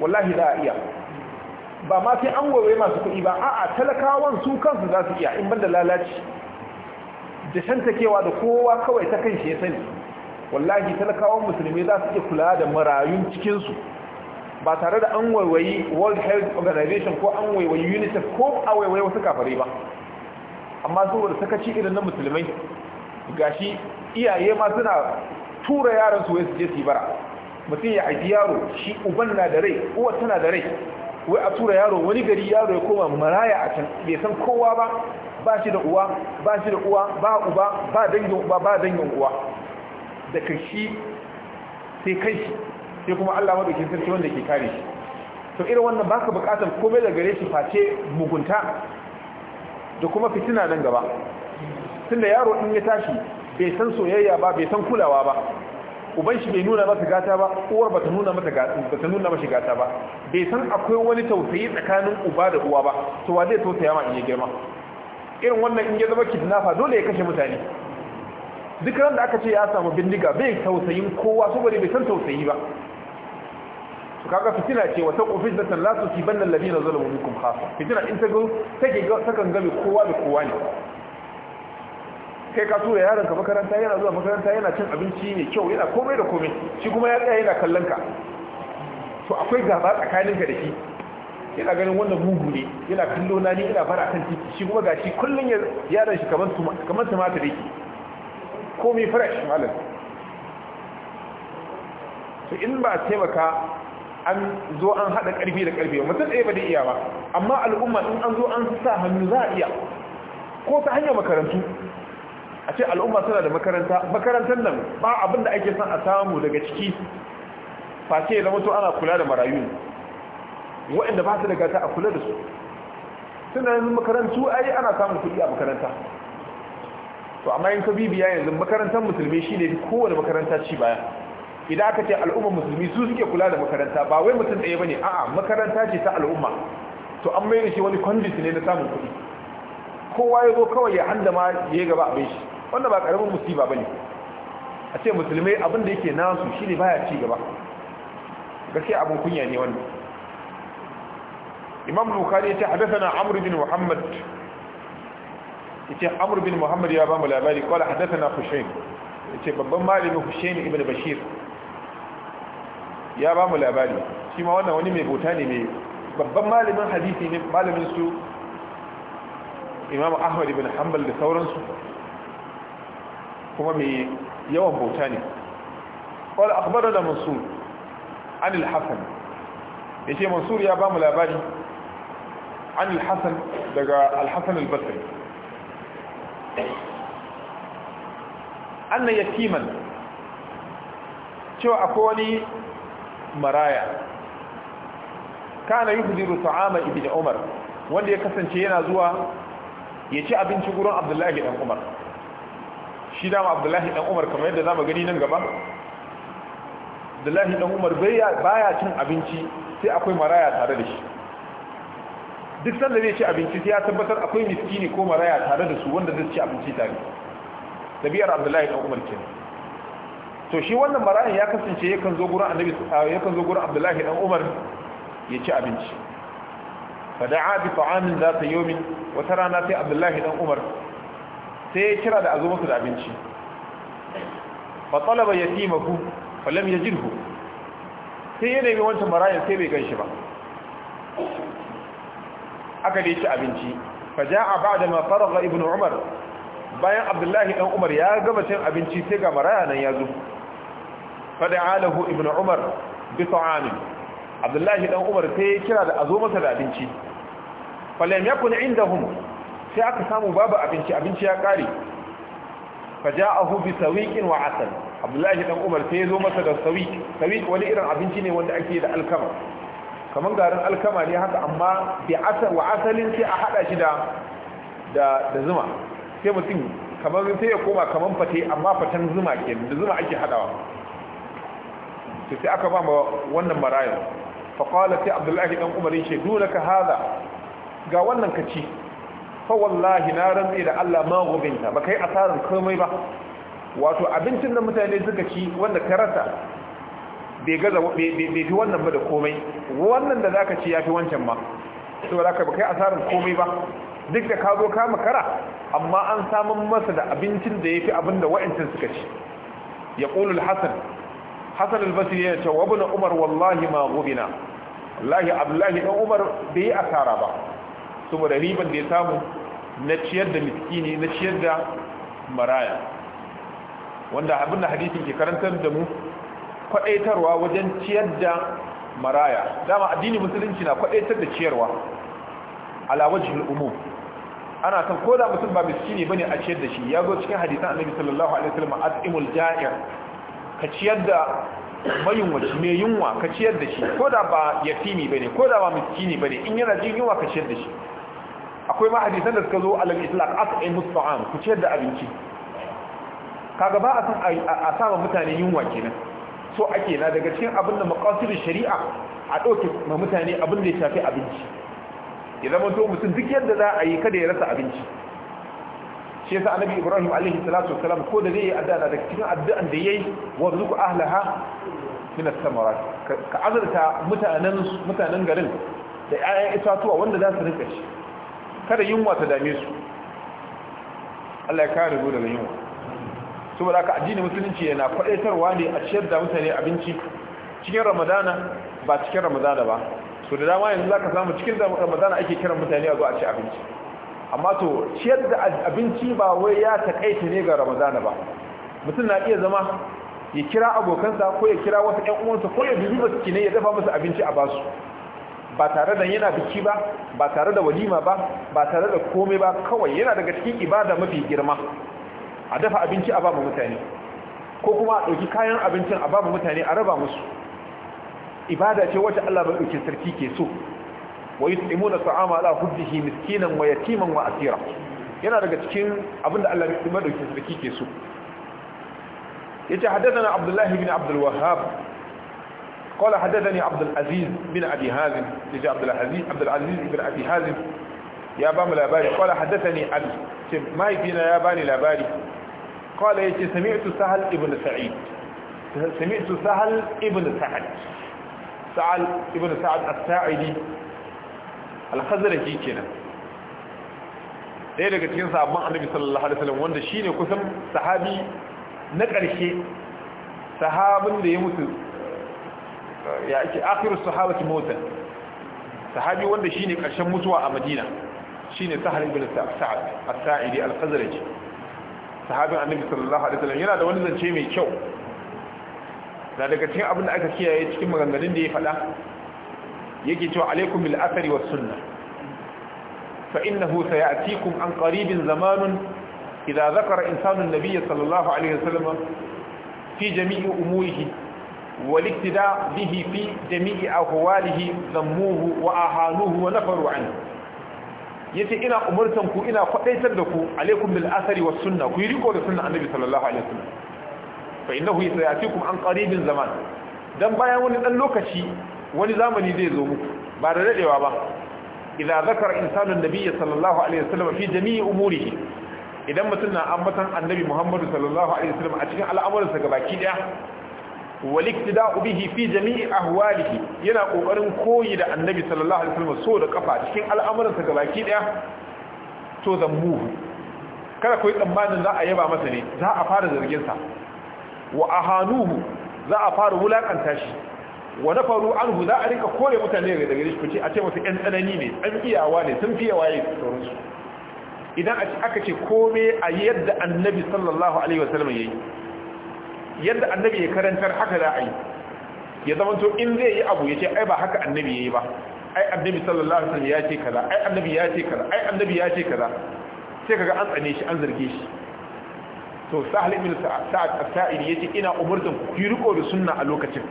wallahi za a iya ba ma sai an gobe masu kuɗi ba a'a talakawan su kansu za su iya in banda lalaci da shantakewa da kowa kawai ta kan shi ya sani wallahi talakawan musulmi za su iya kula da marayun cikinsu ba tare da an waiwayi world health organization ko an waiwayi unicef ko a waiwayi wasu kafare ba amma saboda ci irin na musulmai ga shi iyaye ma suna tura yaran su su je su bara mutum ya haifi yaro shi uban na da rai uwa tana da rai wai a tura yaro wani gari yaro ya koma maraya a can bai san kowa ba ba shi da uwa ba shi da uwa ba uba ba dangin uba ba dangin uwa Da shi sai kai shi sai kuma Allah ke sarki wanda ke kare shi to irin wannan baka bukatar komai da gare shi face mugunta da kuma fitina nan gaba tunda yaro in ya tashi bai san soyayya ba bai san kulawa ba uban shi bai nuna masa gata ba uwar bata nuna masa gata ta nuna masa gata ba bai san akwai wani tausayi tsakanin uba da uwa ba to wa zai tausaya ma in ya girma irin wannan in ya zama kidnapper dole ya kashe mutane duk ran da aka ce ya samu bindiga bai tausayin kowa saboda bai san tausayi ba su kaga fitina ce wata ofis da tan lasu ci bannan ladina zalamu minkum khafa fitina in ta ga take ta kan game kowa da kowa ne kai ka tura yaron ka makaranta yana zuwa makaranta yana cin abinci mai kyau yana komai da komai shi kuma ya tsaya yana kallon ka to akwai gaba tsakanin ka da shi yana ganin wannan bugu ne yana kallo na ni ina fara kan titi shi kuma gashi kullun yaron shi kamar kamar tumatir yake komi fresh malam to in ba taimaka an zo an haɗa ƙarfi da ƙarfi mutum ɗaya ba da iya ba amma al'umma in an zo an sa hannu za a iya ko ta hanyar makarantu a ce al'umma suna da makaranta makarantar nan ba abin da ake son a samu daga ciki face ya zama ana kula da marayu waɗanda ba su da gata a kula da su suna yanzu makarantu ai ana samun kuɗi a makaranta to amma in ka bibiya yanzu makarantar musulmi shi ne kowane makaranta ci baya idan aka ce al'ummar musulmi su suke kula da makaranta ba wai mutum ɗaya bane a'a makaranta ce ta al'umma to an mai shi wani kwandis ne na samun kuɗi kowa ya zo kawai ya ma ya gaba abin shi wanda ba karamin musiba bane a ce musulmai abin da yake nasu shine baya ci gaba gaskiya abin kunya ne wannan imam bukhari ya ce hadathana amr bin muhammad yace amr bin muhammad ya ba mu labari qala hadathana hushayn yace babban malami hushayn ibn bashir ya ba mu labari shi ma wannan wani mai bota ne mai babban malamin hadisi ne malamin su imam ahmad ibn hanbal da sauransu kuma mai yawan bota ne qala akhbarana mansur an al-hasan yace mansur ya ba mu labari an al-hasan daga al-hasan al-basri annan yatiman cewa akwai wani maraya kana yuhdiru ta'ama da umar wanda ya kasance yana zuwa ya ci abinci gurin abdullahi dan umar shi dama abdullahi dan umar kamar yadda zama gani nan gaba abdullahi dan umar baya cin abinci sai akwai maraya tare da shi duk sanda zai ci abinci sai ya tabbatar akwai miskini ko maraya tare da su wanda zai ci abinci tare tabiyar abdullahi ɗan umar kenan to shi wannan marayan ya kasance yakan zo gurin annabi yakan zo gurin abdullahi ɗan umar ya ci abinci da'a bi ta'amin zata yawmin wata rana sai abdullahi ɗan umar sai ya kira da azo masa da abinci fa talaba yatimahu fa lam yajidhu sai ya nemi wancan marayan sai bai ganshi ba aka dai ci abinci faja'a ba'da ma faragha ibnu umar bayan abdullahi dan umar ya gama cin abinci sai ga maraya nan ya zo fada'a lahu ibnu umar bi ta'amin abdullahi dan umar sai kira da azo masa da abinci falam yakun indahum sai aka samu babu abinci abinci ya kare faja'ahu bi sawiqin wa asal abdullahi dan umar sai ya zo masa da sawiq sawiq wani irin abinci ne wanda ake da alkama kamar garin alkama ne haka amma wa asalin sai a hada shi da zuma sai mutum kamar sai ya koma kamar fate amma fatan zuma ke da zuma ake hadawa to sai aka ba ma wannan marayan fa sai abdullahi dan shi yace ka hada ga wannan kaci fa wallahi na rantsi da Allah ma gubinta ba kai asarin komai ba wato abincin da mutane suka ci wanda ka rasa bai gaza bai fi wannan ba da komai wannan da zaka ci fi wancan ma saboda ka kai asarar komai ba duk da ka zo ka makara amma an samun masa da abincin da yafi abin da wa'ancan suka ci ya qulu al-hasan hasan hasan ya ce wa ibn umar wallahi ma ghubina wallahi abdullahi dan umar bai yi asara ba saboda riban da ya samu na ciyar da miskini na ciyar da maraya wanda abin da hadisin ke karantar da mu kwadaitarwa wajen ciyar da maraya dama addini musulunci na kwadaitar da ciyarwa ala wajhil umum ana san ko da mutum ba ne bane a ciyar da shi ya zo cikin hadisan annabi sallallahu alaihi wasallam at'imul ja'ir ka ciyar da wace mai yunwa ka ciyar da shi ko da ba yatimi bane ko da ba miskini bane in yana jin yunwa ka ciyar da shi akwai ma hadisan da suka zo alal islaq at'imus ta'am ku ciyar da abinci kaga ba a san a sama mutane yunwa kenan so ake na daga cikin abin da makasirin shari'a a ɗauke ma mutane abin da ya shafi abinci ya zama to mutum duk yadda za a yi kada ya rasa abinci shi yasa annabi ibrahim alaihi salatu wasalam ko da zai yi addu'a daga cikin addu'an da yayi zuku ahlaha min as-samarat ka azurta mutanen mutanen garin da ayyan itatuwa wanda za su rika shi kada yunwa ta dame su Allah ya kare daga yunwa saboda aka addinin musulunci yana kwadaitarwa ne a ciyar da mutane abinci cikin ramadana ba cikin ramadana ba so da dama yanzu zaka samu cikin ramadana ake kiran mutane a zo a ci abinci amma to ciyar da abinci ba wai ya takaita ne ga ramadana ba mutum na iya zama ya kira abokansa ko ya kira wasu 'yan uwansa ko ya dubi basu ne ya dafa musu abinci a basu ba tare da yana biki ba ba tare da walima ba ba tare da komai ba kawai yana daga cikin ibada mafi girma a dafa abinci a ba mutane ko kuma a ɗauki kayan abincin a ba mutane a raba musu ibada ce wacce Allah bai ɗauki sarki ke so wa yut'imuna ta'ama ala hubbihi miskinan wa yatiman wa asira yana daga cikin abinda Allah bai ɗauki sarki ke so Ya ce haddathana Abdullahi bin Abdul wahab. قال حدثني عبد العزيز بن ابي هازم يجي عبد العزيز عبد العزيز بن ابي هازم يا بام لاباري قال حدثني علي ما يفينا يا باني لاباري qala yace sami'tu sahal ibn sa'id sami'tu sahal ibn sa'ad sa'al ibn sa'ad as-sa'idi al-khazraji kenan daya daga cikin sahabban annabi sallallahu alaihi wasallam wanda shine kusan sahabi na ƙarshe sahabin da ya mutu ya ake akhiru sahabati mota sahabi wanda shine ƙarshen mutuwa a Madina shine Sahal ibn Sa'ad as-Sa'idi al-Khazraji sahabin annabi sallallahu alaihi wasallam yana da wani zance mai kyau da daga cikin abin da aka kiyaye cikin maganganun da ya faɗa yake cewa alaikum bil athari was sunnah fa innahu sayatikum an qaribin zamanun idza zakara insanu an-nabiy sallallahu alaihi wasallam fi jami'i umurihi والاقتداء به في جميع أهواله ذموه وأهانوه ونفروا عنه yace ina umurtan ku ina kwadaitar da ku alaikum bil asari was sunna ku riko da sunna annabi sallallahu alaihi wasallam fa innahu sayatikum an qaribin zaman dan bayan wani dan lokaci wani zamani zai zo muku ba da dadewa ba idza zakara insanu nabiyyi sallallahu alaihi wasallam fi jami'i umurihi idan mutum na ambatan annabi muhammadu sallallahu alaihi wasallam a cikin al'amuransa gabaki daya waliktida'u bihi fi jami'i ahwalihi yana kokarin koyi da annabi sallallahu alaihi wasallam so da kafa cikin al'amuransa gabaki daya to zambu. kada koyi tsammanin za a yaba masa ne za a fara zargin sa wa ahanuhu za a fara wulakanta shi wa nafaru anhu za a rika kore mutane daga gare shi fice a ce musu ɗan tsanani ne ɗan iyawa ne sun fiye waye sauransu idan aka ce komai a yadda annabi sallallahu alaihi wasallam yayi yadda annabi ya karantar haka za a yi ya zama to in zai yi abu ya ce ai ba haka annabi ya yi ba ai annabi sallallahu alaihi wasallam ya ce kaza ai annabi ya ce kaza ai annabi ya ce kaza sai kaga an tsane shi an zarge shi to sahal ibn sa'ad as saidi yace ina umurtan ku yi riko da sunna a lokacin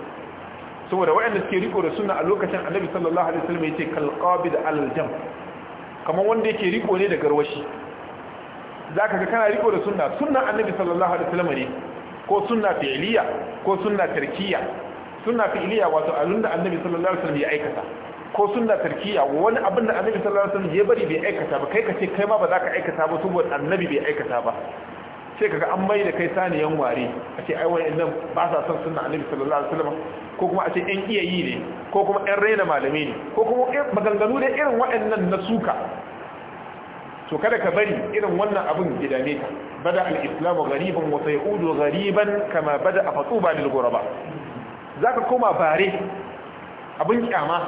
saboda wayanda suke riko da sunna a lokacin annabi sallallahu alaihi wasallam yace kal qabid al jam kamar wanda yake riko ne da garwashi zaka ga kana riko da sunna sunna annabi sallallahu alaihi wasallam ne ko sunna fi'liya ko sunna tarkiya sunna fi'liya wato abin da annabi sallallahu alaihi wasallam ya aikata ko sunna tarkiya wani abin da annabi sallallahu alaihi wasallam ya bari bai aikata ba kai ka ce kai ma ba za ka aikata ba saboda annabi bai aikata ba sai kaga an mai da kai saniyan ware a ce ai nan ba sa son sunna annabi sallallahu alaihi wasallam ko kuma a ce ɗan iyayi ne ko kuma ɗan raina malami ne ko kuma maganganu da irin waɗannan na suka to kada ka bari irin wannan abin ya dame ka bada al-islamu ghariban wa sayudu ghariban kama bada afatuba lil ghuraba zaka koma bare abin kyama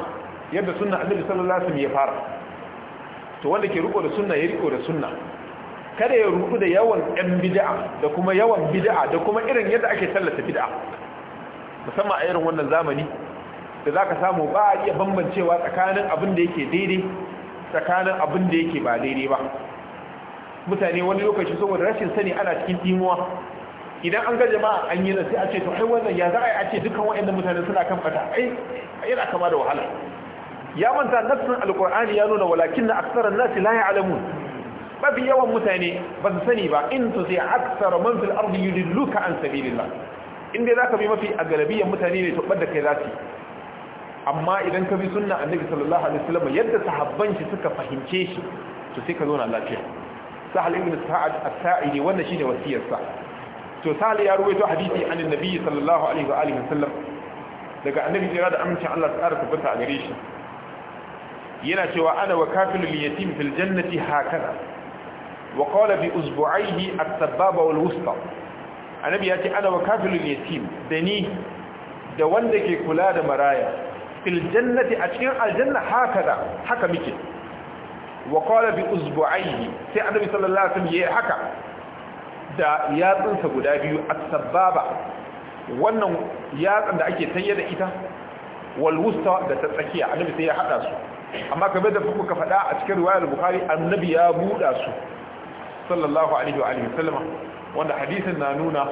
yadda sunna annabi sallallahu alaihi wasallam ya fara to wanda ke riko da sunna ya riko da sunna kada ya rudu da yawan ɗan bid'a da kuma yawan bid'a da kuma irin yadda ake tallata bid'a musamman a irin wannan zamani da zaka samu ba a iya bambancewa tsakanin abin da yake daidai tsakanin abin da yake ba daidai ba mutane wani lokaci saboda rashin sani ana cikin timuwa idan an ga jama'a an yi sai a ce to ai wannan ya za a yi a ce dukkan waɗannan mutane suna kan fata ai yana kama da wahala ya manta nassin alkur'ani ya nuna walakin na aksaran nasi la ya'lamun mafi yawan mutane ba su sani ba in to sai aksara man fil ardi yudilluka an sabilillah in dai zaka bi mafi a galabiyan mutane ne to bar da kai za su amma idan ka bi sunna annabi sallallahu alaihi wasallam yadda sahabban shi suka fahimce shi to sai ka zo na lafiya sahal ibn sa'ad as-sa'idi wannan shine wasiyar sa to sahal ya ruwaito hadisi an annabi sallallahu alaihi wa alihi wasallam daga annabi jira da amincin Allah tsara tabbata a gare shi yana cewa ana wa kafilul yatim fil jannati hakaza wa qala bi usbu'aihi at-sababa wal wusta annabi ya ce ana wa kafilul yatim da ni da wanda ke kula da maraya fil jannati a cikin aljanna haka da, haka muke wa qala bi usbu'aihi sai annabi sallallahu alaihi ya haka da yatsunsa guda biyu a sababa wannan yatsan da ake tayar da ita walwusta da ta tsakiya annabi sai ya haɗa su amma kamar da ka faɗa a cikin riwayar Buhari, annabi ya buɗa su sallallahu alaihi wa wasallama wanda hadisin na nuna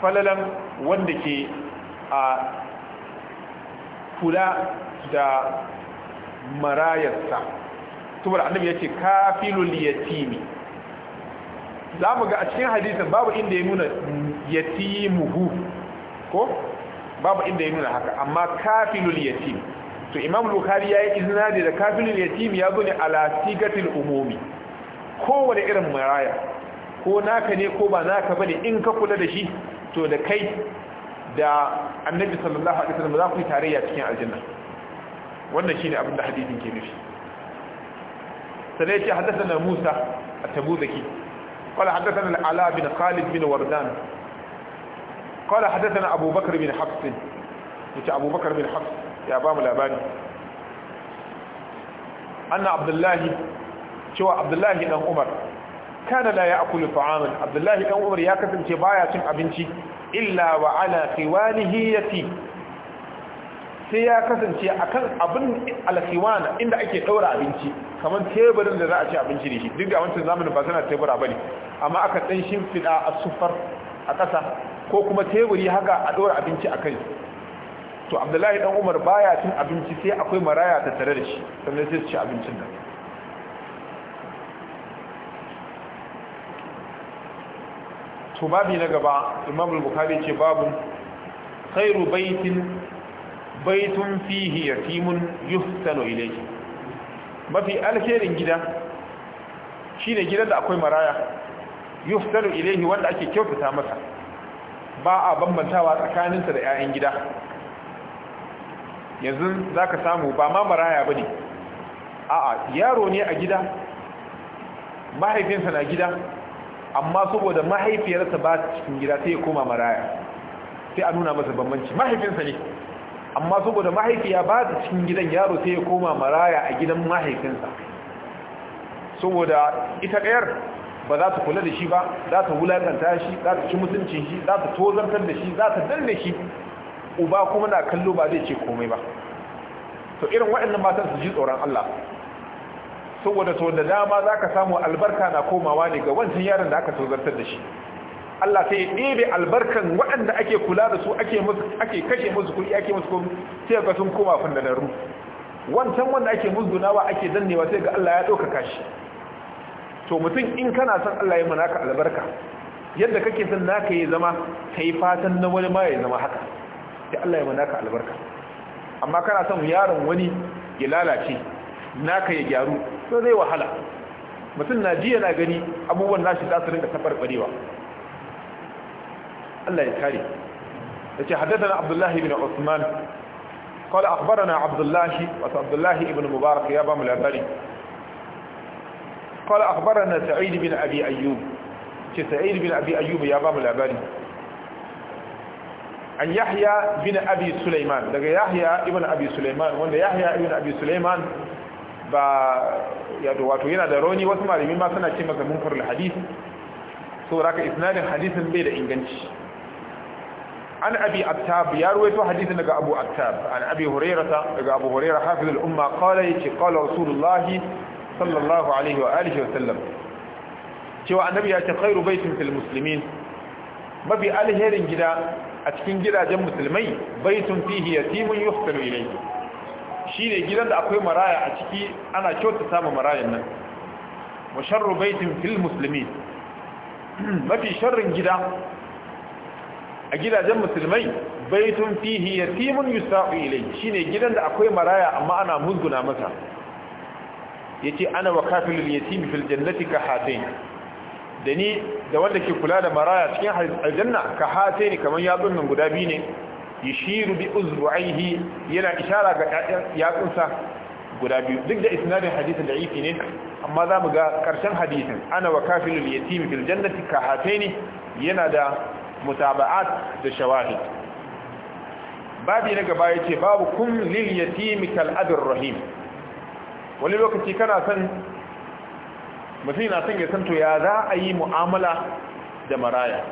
falalan wanda ke a kula da marayarsa saboda annabi ce kafilul yatimi za mu ga a cikin hadisin babu inda ya nuna yatimuhu ko babu inda ya nuna haka amma kafilul yatim to imam bukhari yi izina da kafilul yatim ya zo ne ala sigatil umumi kowane irin maraya ko naka ne ko ba naka ba ne, in ka kula da shi to da kai da annabi sallallahu alaihi wasallam za ku yi tarayya cikin aljanna wannan shine abin da hadisin ke nufi sanai ce haddathana Musa at-Tabuzaki qala haddathana al-Ala bin Khalid bin Wardan qala haddathana Abu Bakr bin Hafs yace Abu Bakr bin Hafs ya ba mu labari anna Abdullahi cewa Abdullahi dan Umar kana la ya'kulu ta'aman Abdullahi dan Umar ya kasance baya cin abinci illa wa ala khiwanihi yati sai ya kasance a kan abin alkhiwana inda ake ɗaura abinci kamar teburin da za a ci abinci da shi duk da wancan zamanin ba suna tebura bane amma aka dan shimfida a sufar a ƙasa ko kuma teburi haka a ɗaura abinci a kai to abdullahi ɗan umar baya cin abinci sai akwai maraya ta tare da shi sannan sai su ci abincin nan to babi na gaba imam bukhari ce babu khairu baitin baitun fihi yatimun yuhtanu ilayhi mafi alkhairin gida shine gidan da akwai maraya yuhtanu ilayhi wanda ake kyautata masa ba a bambantawa tsakaninsa da 'ya'yan gida yanzu zaka samu ba ma maraya bane a'a yaro ne a gida mahaifinsa na gida amma saboda mahaifiyarsa ba ta cikin gida sai ya koma maraya sai a nuna masa bambanci mahaifinsa ne amma saboda mahaifiya ba ta cikin gidan yaro sai ya koma maraya a gidan mahaifinsa saboda ita ɗayar ba za ta kula da shi ba za ta wulaƙanta shi za ta ci mutuncin shi za ta tozantar da shi za ta danne shi uba kuma na kallo ba zai ce komai ba to irin waɗannan matan su ji tsoron Allah saboda so da dama za ka samu albarka na komawa ne ga wancan yaron da aka tozartar da shi Allah sai ya ɗebe albarkan waɗanda ake kula da su ake kashe musu kuɗi ake musu kuɗi sai ga sun koma ru wancan wanda ake musgunawa ake dannewa sai ga Allah ya ɗaukaka shi to mutum in kana son Allah ya munaka albarka yadda kake son naka yi zama kai fatan na wani ma ya zama haka sai Allah ya munaka albarka amma kana son yaron wani ya lalace naka ya gyaru so zai wahala mutum na ji yana gani abubuwan nashi za su rinka tabar barewa Allah ya kare ya ce haddata abdullahi bin usman kawai akbara na abdullahi wasu abdullahi ibn mubarak ya ba mu labari kawai akbara na sa'id bin abi ayyub ce sa'id bin abi ayyub ya ba mu labari an yahya bin abi sulaiman daga yahya ibn abi sulaiman wanda yahya ibn abi sulaiman ba yadda wato yana da rauni wasu malami ma suna ce masa munkarul hadith so raka isnadin hadisin bai da inganci an abi attab ya ruwaito hadisin daga abu attab an abi hurairata daga abu hurairah hafiz al-umma qala yace qala rasulullahi sallallahu alaihi wa alihi wa sallam cewa annabi ya ce khairu baitin fil muslimin mabi alherin gida a cikin gidajen musulmai baitun fihi yatimun yuhtalu ilayhi shine gidan da akwai maraya a ciki ana kyauta samun marayan nan wa baitin fil muslimin mafi sharrin gida a gidajen musulmai baitun fihi yatimun yusa'u ilayhi shine gidan da akwai maraya amma ana musguna masa ce ana wa kafilul yatim fil jannati ka hatain da ni da wanda ke kula da maraya cikin aljanna ka ne kamar yatsun nan guda biyu ne yashiru bi uzbu'aihi yana ishara ga yatsunsa guda biyu duk da isnadin hadisin da'ifi ne amma za mu ga karshen hadisin ana wa kafilul yatim fil jannati ka hataini yana da mutaba'at da shawahid babi na gaba yace babu kum lil yatim kal adur rahim wani lokaci kana san mutum na son ya san to ya za a yi mu'amala da maraya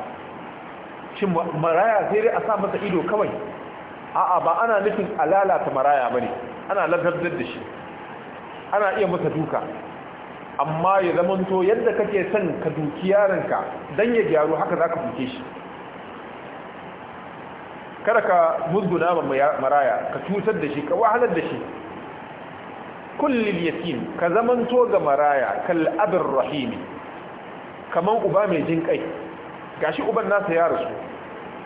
shin maraya sai dai a sa masa ido kawai a'a ba ana nufin ta maraya ba ne, ana ladabdar da shi ana iya masa duka amma ya zamanto yadda kake son ka duki yaranka dan ya gyaru haka zaka duke shi kada ka musguna maraya ka cutar da shi ka wahalar da shi kullil yatim ka zamanto ga maraya kal abir rahimi kaman uba mai jin kai gashi uban nasa ya rasu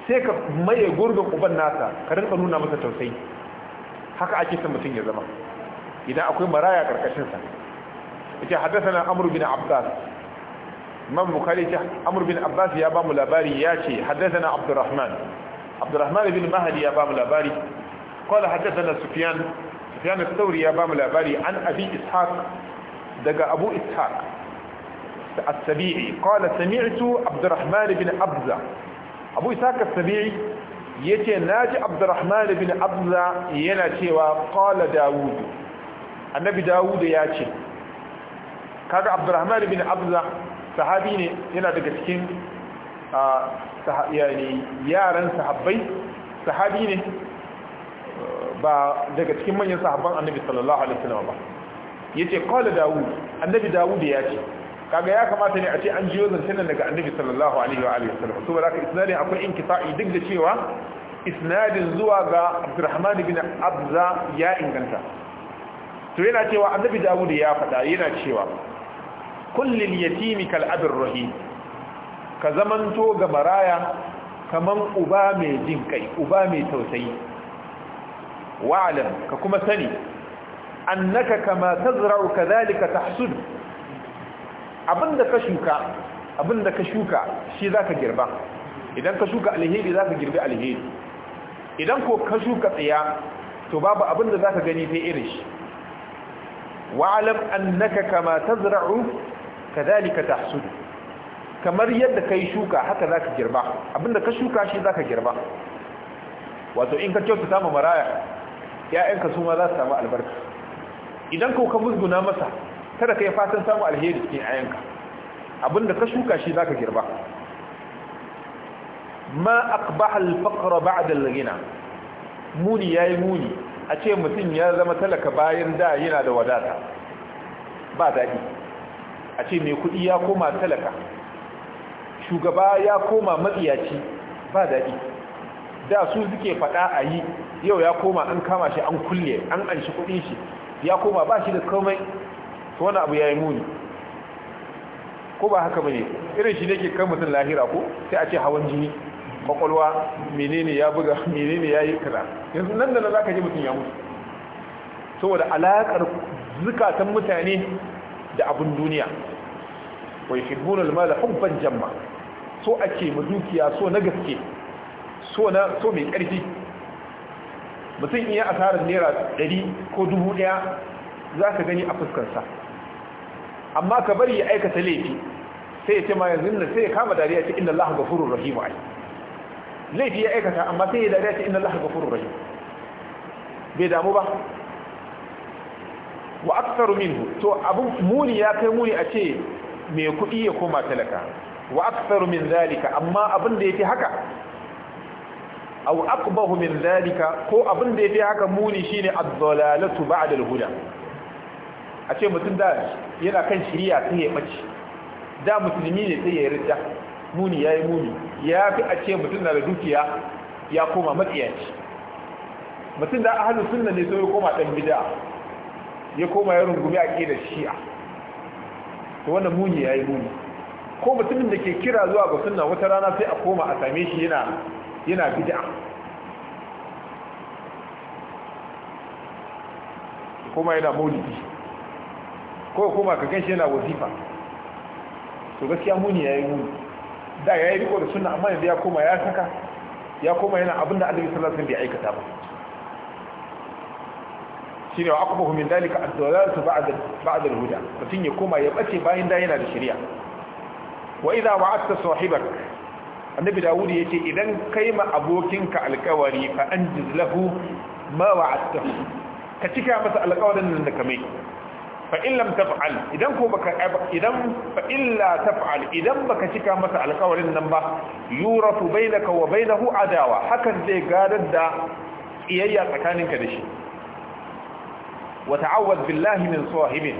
sai ka maye gurbin uban nasa ka rinka nuna masa tausayi haka ake son mutum ya zama idan akwai maraya karkashin sa yace haddathana amr bin abbas imam bukhari yace amr bin abbas ya ba mu labari haddasa na abdurrahman abdurrahman bin mahdi ya ba mu labari qala haddathana sufyan sufyan al-thawri ya ba mu labari an abi ishaq daga abu ishaq السبيعي قال سمعت عبد الرحمن بن أبزة أبو إساك السبيعي يتي ناجي عبد الرحمن بن أبزة يناتي وقال داود النبي داود ياتي kaga abdurrahman bin abza sahabi ne yana daga cikin yaran sahabbai sahabi ne ba daga cikin manyan sahabban annabi sallallahu alaihi wasallam ba yace qala daud annabi daud ya ce kaga ya kamata ne a ce an jiyo zancen daga annabi sallallahu alaihi wa alihi wasallam to baraka isnadin akwai inkita'i duk da cewa isnadin zuwa ga Abdurrahman bin Abza ya inganta to yana cewa annabi Dawud ya fada yana cewa kullil yatimi kal abir rahim ka zamanto ga baraya kaman uba mai jin kai uba mai tausayi wa'lam ka kuma sani annaka kama tazra'u kadhalika tahsud abin da ka shuka abin da ka shuka shi za ka girba idan ka shuka alheri za ka girbi alheri idan ko ka shuka Tsiya to babu abin da za ka gani sai irin shi wa'alam annaka kama tazra'u kadhalika tahsudu kamar yadda kai shuka haka za ka girba abinda ka shuka shi za ka girba wato in ka kyautata ma maraya ya'yanka su ma za su samu albarka idan ko ka musguna masa kada ka yi fatan samu alheri cikin ayanka abinda ka shuka shi zaka girba ma aqbaha al-faqr ba'da al muni yayi muni a ce mutum ya zama talaka bayan da yana da wadata ba daɗi a ce mai kuɗi ya koma talaka shugaba ya koma matsiyaci ba daɗi da su suke faɗa a yi yau ya koma an kama shi an kulle an anshi kuɗin shi ya koma ba shi da komai to wani abu ya yi muni ko ba haka bane irin shi ne ke kan mutum lahira ko sai a ce hawan jini kwakwalwa menene ya buga menene ya yi kaza yanzu nan da nan za ka ji mutum ya mutu saboda alaƙar zukatan mutane da abin duniya wai hibbun almala hubban jamma so ake mu dukiya so na gaske so na so mai ƙarfi mutum iya asarar naira ɗari ko dubu ɗaya za ka gani a fuskarsa amma ka bari ya aikata laifi sai ya ce ma yanzu nan sai ya kama dariya ce inna Allah gafurur rahim ai laifi ya aikata amma sai ya dariya ce inna Allah gafurur rahim bai damu ba wa aktaru minhu to abun muni ya kai muni a ce me kuɗi ya koma talaka wa aktaru min zalika amma abin da yafi haka aw aqbahu min zalika ko abin da yafi haka muni shine ad-dalalatu ba'da al-huda a ce mutum da yana kan shirya ta ya ɓace da musulmi ne sai ya yi rida muni ya yi muni ya fi a ce mutum na da dukiya ya koma matsiyaci mutum da ahalin sunna ne sai ya koma ɗan bida ya koma ya rungumi a ƙera shi'a to wannan muni ya yi muni ko mutumin da ke kira zuwa ga sunna wata rana sai a koma a same shi yana yana bid'a kuma yana muni ko kuma ka ganshi yana wazifa to gaskiya muni yayi muni da yayi riko da sunna amma yanzu ya koma ya saka ya koma yana abinda Annabi sallallahu alaihi wasallam bai aikata ba shine wa aqbahu min dalika ad-dalalatu ba'da ba'da al-huda mutun ya koma ya bace bayan da yana da shari'a wa idha wa'adta sahibak annabi dawud yace idan kai ma abokinka alƙawari fa anjiz lahu ma wa'adta ka cika masa alƙawarin nan da kamai fa ta fa'al idan ko baka idan taf'al idan baka cika masa alƙawarin nan ba yuratu bainaka hu a dawa hakan zai gadar da iyayya tsakaninka da shi Wata ta'awwaz billahi min sahibin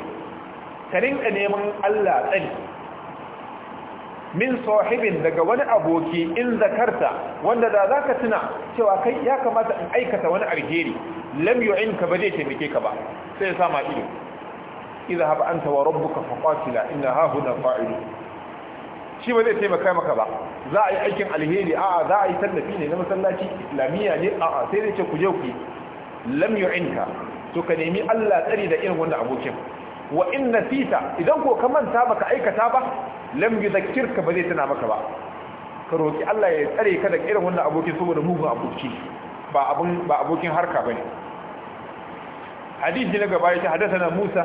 ka rinka neman Allah tsani min sahibin daga wani aboki in zakarta wanda da zaka tuna cewa kai ya kamata in aikata wani alheri lam ka ba zai taimake ka ba sai ya sama ido izhab anta wa rabbuka faqatila inna ha huna fa'ilu shi ba zai taimaka maka ba za a yi aikin alheri a'a za a yi tallafi ne na masallaci islamiyya ne a'a sai dai ce ku je ku lam yu'inka to ka nemi Allah tsari da irin wannan abokin wa in sita. idan ko ka manta baka aikata ba lam yuzakkirka ba zai tana maka ba ka roki Allah ya tsare ka daga irin wannan abokin saboda mugun aboki ba abun ba abokin harka bane hadisi na gaba yace hadathana Musa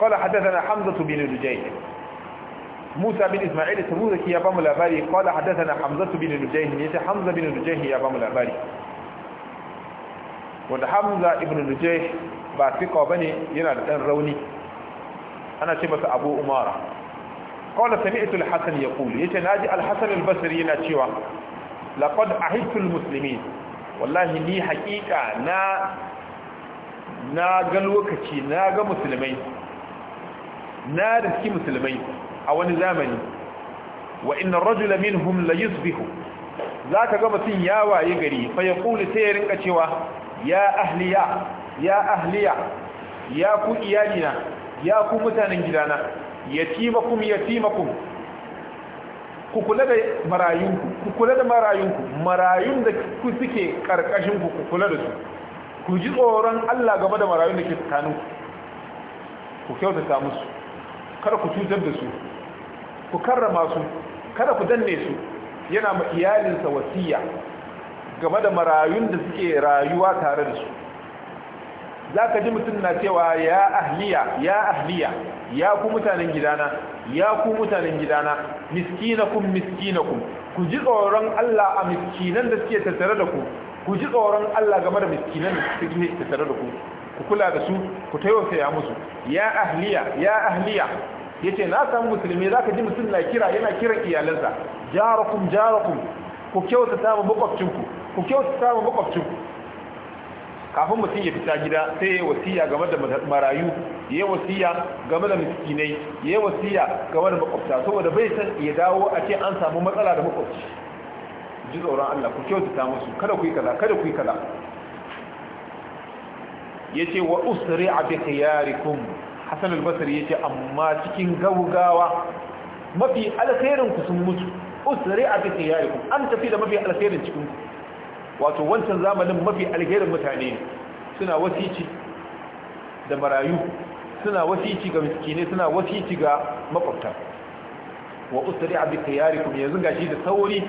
قال حدثنا حمزة بن نجيح موسى بن إسماعيل التبوذكي يا بام الأباري قال حدثنا حمزة بن نجيح يتي حمزة بن نجيح يا بام الأباري hamza ibn nujay ba fiqa bane yana da dan rauni ana ce masa abu umara qala sami'tu al-hasan yaqul yace na ji hasan al-basri yana cewa laqad ahibtu al-muslimin wallahi ni haqiqa na na ga lokaci na ga musulmai na riski musulmai a wani zamani wa inna rajula minhum la yusbihu zaka ga mutun ya waye gari fa ya kuli sai ya rinka cewa ya ahliya ya ahliya ya ku iyalina ya ku mutanen gidana yatimakum yatimakum ku kula da marayunku ku kula da marayunku marayun da ku suke karkashin ku kula da su ku ji tsoron Allah game da marayun da ke tsakaninku ku kyautata musu kada ku cutar da su ku karrama su kada ku danne su yana ma iyalinsa wasiya game da marayun da suke rayuwa tare da su za ka ji mutum na cewa ya ahliya ya ahliya ya ku mutanen gidana ya ku mutanen gidana miskinakum miskinakum ku ji tsoron Allah a miskinan da suke tattare da ku ku ji tsoron Allah game da miskinan da suke tattare da ku ku kula da su ku taimaka musu ya ahliya ya ahliya yace na san musulmi zaka ji mutum na kira yana kiran iyalansa jarakum jarakum ku kyauta ta makwabcinku ku kyauta ta ku kafin mutum ya fita gida sai ya yi wasiya game da marayu ya yi wasiya game da miskinai ya yi wasiya game da makwabta saboda bai san ya dawo a ce an samu matsala da makwabci ji tsoron Allah ku samu musu kada ku yi kaza kada ku yi kaza Ya ce wa usri'a bi khiyarikum Hassan al ya ce amma cikin gaugawa mafi alkhairin sun mutu usri'a bi khiyarikum an tafi da mafi alkhairin cikin wato wancan zamanin mafi alkhairin mutane suna wasici da marayu suna wasici ga miskine suna wasici ga makwabta wa usri'a bi khiyarikum yanzu shi da sauri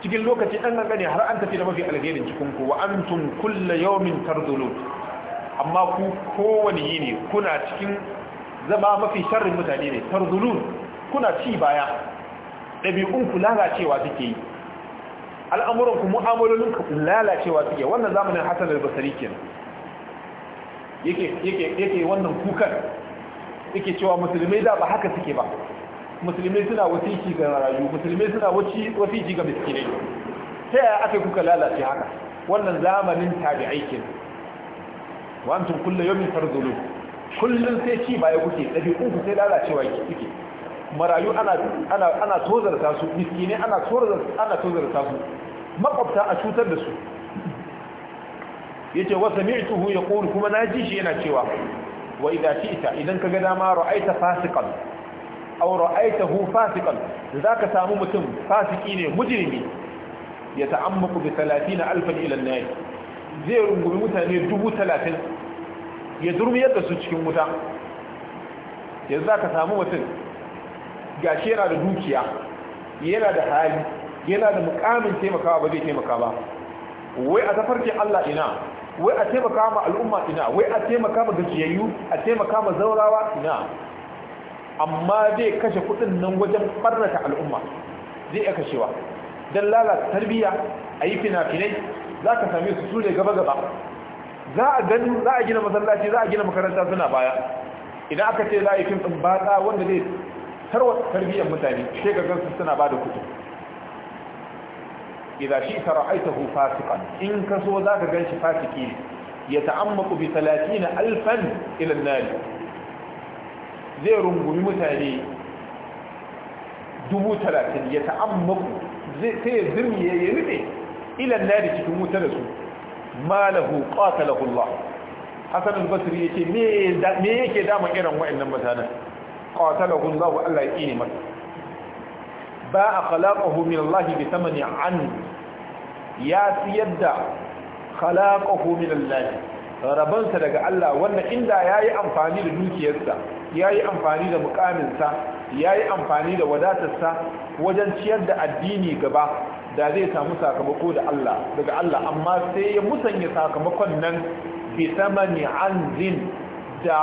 cikin lokaci ɗan gangane har an tafi da mafi alherin cikinku wa'antun wa antum kullu yawmin tardulun amma ku kowane ne? kuna cikin zama mafi sharrin mutane ne tarzulun kuna ci baya ɗabi'unku lalacewa suke yi al'amuranku mu'amalolinku lalacewa suke wannan zamanin hassan albasari kenan yake wannan kukan yake cewa musulmai da ba haka suke ba musulmai suna wasiki ga rayu musulmai suna wasiki ga miskinai ta yaya aka kuka lalace haka wannan zamanin tabi'ai kenan wa antum yomin yawmin Kullum sai ci baya kuke dabi'un ku sai lalacewa kike marayu ana ana ana tozarta su miskine ana tozarta su makwabta a cutar da su Ya yace tuhu ya yaqulu kuma na ji shi yana cewa wa idha ita idan kaga dama ra'aita fasiqan aw ra'aitahu fasiqan zaka samu mutum fasiki ne mujirimi ya ta'ammaku bi 30000 ila an-nar zai rungumi mutane dubu talatin ya durmi yadda su cikin wuta yanzu za ka samu mutum gashi yana da dukiya yana da hali yana da mukamin taimakawa ba zai taimaka ba wai a zafarki Allah ina wai a taimaka ma al'umma ina wai a taimaka ma gajiyayyu a taimaka ma zaurawa ina amma zai kashe kudin nan wajen barnata al'umma zai iya kashewa don lalata tarbiyya a yi fina-finai za ka same su su ne gaba gaba za a gani za a gina masallaci za a gina makaranta suna baya idan aka ce za a yi fim ɗin batsa wanda zai tarwa tarbiyyar mutane sai ga gansu suna ba da kuɗi idan shi ka ra'aitahu fasikan. in ka so za ka gan shi fasiki ne ya ta'ammaku bi 30 alfan ila an zai rungumi mutane dubu talatin ya ta'amma zai sai ya zirmiye ya yi rufe ilan nari cikin wuta da su malahu qatalahu Allah Hassan al-Basri yace me me yake damun irin wa'annan mutanen qatalahu Allah Allah ya kine masa ba a akhlaqahu min Allah bi thamani an ya siyar da khalaqahu min Allah rabansa daga Allah wannan inda ya yi amfani da dukiyarsa ya yi amfani da mukaminsa ya yi amfani da wadatarsa wajen ciyar da addini gaba da zai samu sakamako da Allah daga Allah amma sai ya musanya sakamakon nan bi samani da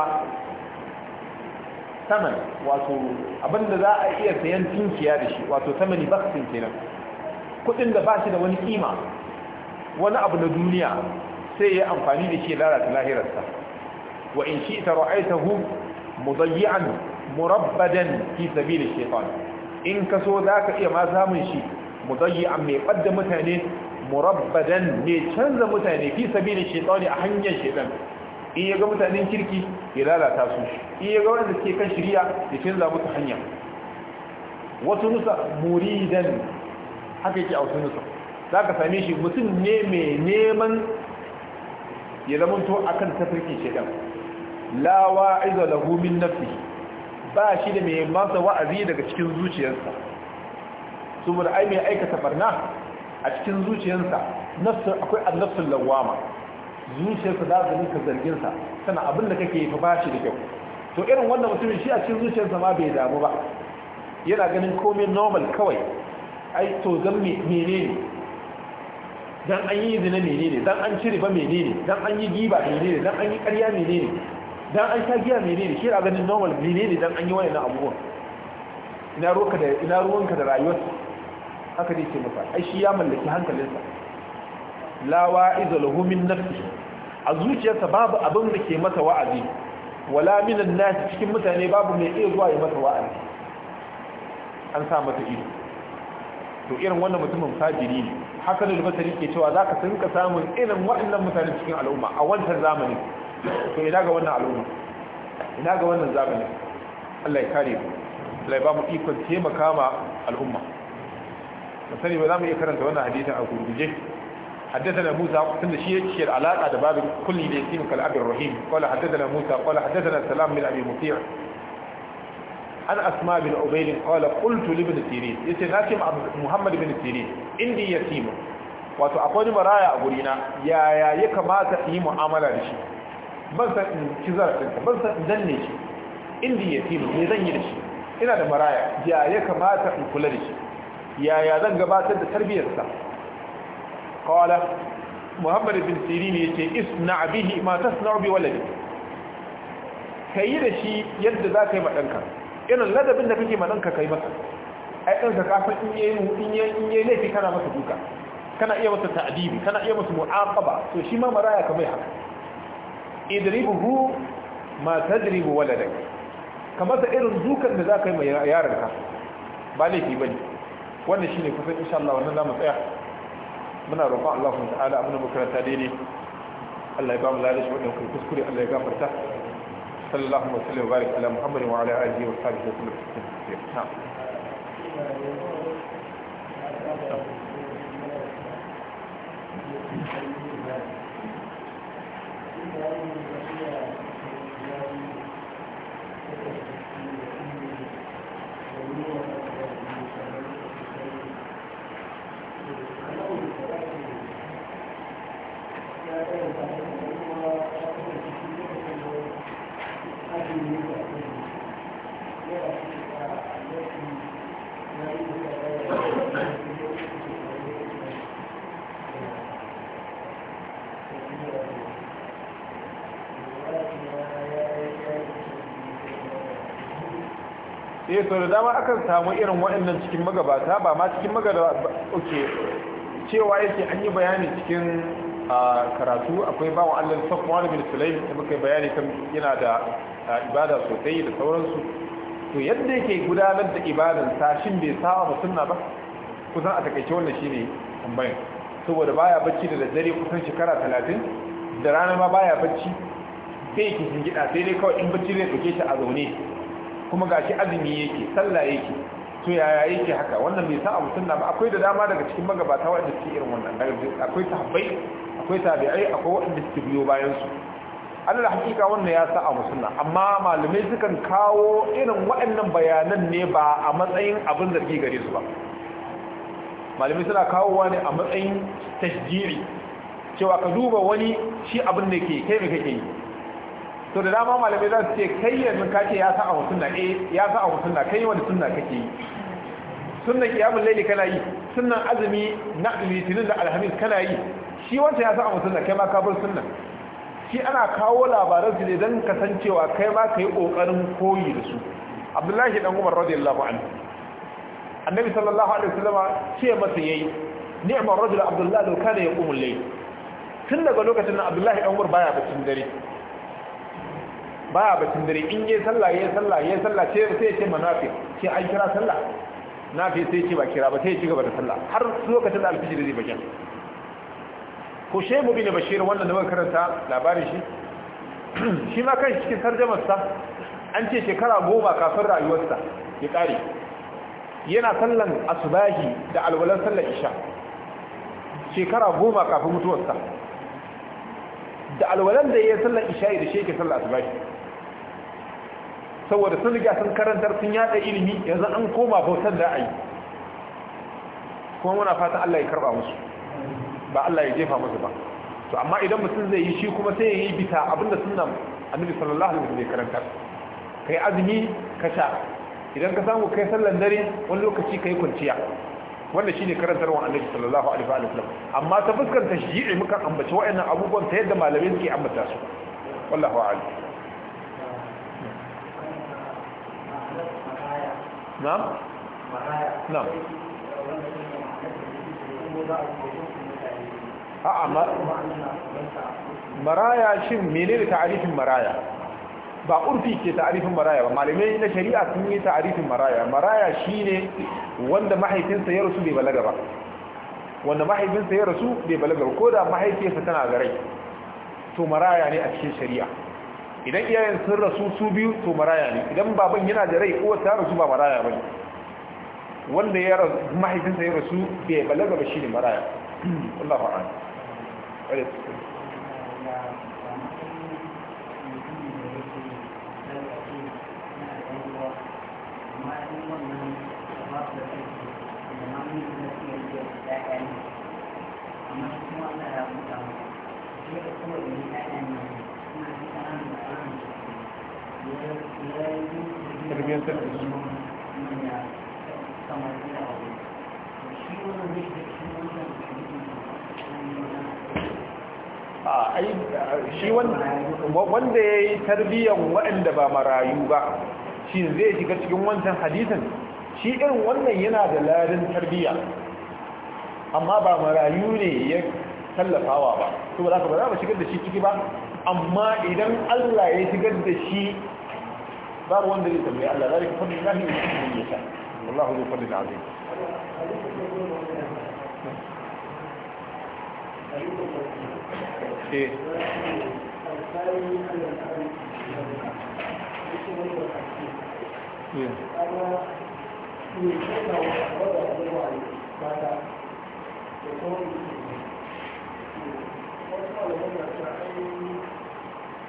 saman wato abinda za a iya sayan tunkiya da shi wato samani baksin kenan kudin da ba shi da wani kima wani abu na duniya sai ya amfani da shi lalata lahirarsa wa in shi ita ra'aitahu mudayyan murabbadan fi sabili shaytan in za zaka iya ma samun shi mudayyi'an mai ɓadda mutane murabbadan ne canza mutane fi sabilin shaytani a hanyar shaytan in ya ga mutanen kirki ya lalata su in ya ga wanda suke kan shari'a ya canza musu hanya wasu nusa muridan haka yake a wasu nusa za ka same shi mutum ne mai neman ya zama a kan tafarkin shaidan la aiza lahu min nafsi ba shi da mai masa wa'azi daga cikin zuciyarsa saboda ai mai aikata barna a cikin zuciyarsa nafsu akwai annafsul lawama zuciyarsa za ta nika zargin sa sana abin da kake fa bashi da kyau to irin wannan mutumin shi a cikin zuciyarsa ma bai damu ba yana ganin komai normal kawai ai to zan menene dan an yi zina menene dan an cire ba menene dan an yi giba menene dan an yi ƙarya menene dan an sha giya menene shi yana ganin normal menene dan an yi wannan abubuwan ina da ina ruwanka da rayuwarsa haka ne ke masa ai shi ya mallaki hankalinsa lawa lahu min nafsi a zuciyarsa babu abin da ke masa wa'azi wala minan nasi cikin mutane babu mai iya zuwa ya masa wa'azi an sa masa ido to irin wannan mutumin fajiri ne haka da basari ke cewa za ka ka samun irin waɗannan mutane cikin al'umma a wancan zamani to ina ga wannan al'umma ina ga wannan zamani Allah ya kare mu Allah ya ba mu ikon taimaka ma al'umma ba sani ba za mu iya karanta wannan hadisin a gurguje حدثنا موسى كنا شيء شيء العلاقة باب كل يتيم كالأب الرحيم قال حدثنا موسى قال حدثنا سلام بن أبي مطيع عن أسماء بن عبيد قال قلت لابن سيرين يتناكم محمد بن سيرين عندي يتيم wato akwai ni maraya a gurina yaya ya kamata in yi mu'amala da shi ban san in ci zarafinsa ban san in danne shi indi ya me zan yi da shi ina da maraya Yaya ya kamata in kula da shi yaya zan gabatar da tarbiyarsa qala muhammad bin sirin yace isna bihi ma tasna bi waladi yi da shi yadda za ka yi madanka irin ladabin da kake madanka kai masa ai dan ka kafin in yayi in yayi in yayi laifi kana masa duka kana iya masa ta'dibi kana iya masa mu'aqaba to shi ma maraya kamar haka idribuhu ma tadribu waladak kamar da irin dukan da za ka yi mai yaranka ba laifi bane wannan shine kusan insha Allah wannan zamu tsaya muna roƙon Allah subhanahu ta'ala abin da makaranta daidai Allah ya ba mu ladashi wannan kai kuskure Allah ya gafarta sallallahu alaihi wa sallam barik ala muhammadin wa ala alihi wa sahbihi wa sallam Thank you. eh sau da dama akan samu irin waɗannan cikin magabata ba ma cikin magabata oke cewa yake an yi bayani cikin karatu akwai bawan allah safwan bin sulaim da muka bayani kan yana da ibada sosai da sauransu to yadda yake gudanar da ibadan sa shin bai saba sunna ba kusan a takaice wannan shine tambayar saboda baya bacci da daddare kusan shekara talatin da rana ma baya bacci sai yake gida sai dai kawai in bacci zai ɗauke shi a zaune kuma ga shi azumi yake sallah yake to yaya yake haka wannan bai san abu sunna ba akwai da dama daga cikin magabata wanda suke irin wannan akwai sahabbai akwai tabi'ai akwai wanda suke biyo bayan su da hakika wannan ya sa abu sunna amma malamai sukan kawo irin waɗannan bayanan ne ba a matsayin abin zargi gare su ba malamai suna kawowa ne a matsayin tasjiri cewa ka duba wani shi abin da ke kai mai kake yi to da dama malamai za su ce kai yanzu ka ce ya sa a sunna eh ya sa a sunna kai wani sunna kake yi sunnan qiyamul layli kana yi sunnan azumi na litinin da alhamis kana yi shi wanda ya sa a sunna kai ma ka bar sunnan shi ana kawo labaran su ne dan kasancewa kai ma kai kokarin koyi da su abdullahi dan umar radiyallahu anhu annabi sallallahu alaihi wasallam ce masa yayi ni'mar rajul abdullahi law kana yaqumul layl tun daga lokacin nan abdullahi dan umar baya bacin dare ba a bacin dare in yi sallah yi sallah yi sallah sai sai ce ma nafi ce an kira sallah nafi sai ce ba kira ba sai ci gaba da sallah har lokacin da alfijir zai bakin ko shehu bin bashir wannan da karanta labarin shi shi ma kan cikin tarjamarsa an ce shekara goma kafin rayuwarsa ya kare yana sallan asubahi da alwalar sallar isha shekara goma kafin mutuwarsa da alwalan da ya yi sallar isha da shi yake sallar asubahi saboda sun riga sun karantar sun yada ilimi yanzu an koma bautar da ayi kuma muna fatan Allah ya karba musu ba Allah ya jefa musu ba to amma idan mutum zai yi shi kuma sai ya yi bita abinda sunan annabi sallallahu alaihi wasallam ya karantar kai azumi ka sha idan ka samu kai sallan dare wani lokaci kai kwanciya wanda shine wa annabi sallallahu alaihi wasallam amma ta fuskar tashji'i muka ambaci wayannan abubuwan ta yadda malamai suke ambata su wallahu a'lam na'am na'am a'a maraya shin menene ta'arifin maraya ba urfi ke ta'arifin maraya ba malamai na shari'a sun yi ta'arifin maraya maraya shine wanda mahaifinsa ya rasu bai balaga ba wanda mahaifinsa ya rasu bai balaga ko da mahaifiyarsa tana garai to maraya ne a cikin shari'a idan iyayen sun rasu su biyu to maraya ne idan baban yana da rai uwar ta rasu ba maraya ba wanda ya rasu mahaifinsa ya rasu ya balaga ba shi ne maraya Allah fa'an Thank you. shi wanda ya yi tarbiyyan waɗanda ba marayu ba shi zai shiga cikin wancan hadisun shi irin wannan yana da larin tarbiyya amma ba marayu ne ya tallafawa ba za ka ba za ba shigar da shi ciki ba amma idan Allah ya shigar da shi babu wanda zai tambaye Allah zalika fadlul lahi wa fadlul yasha wallahu zul fadlil azim eh Yeah.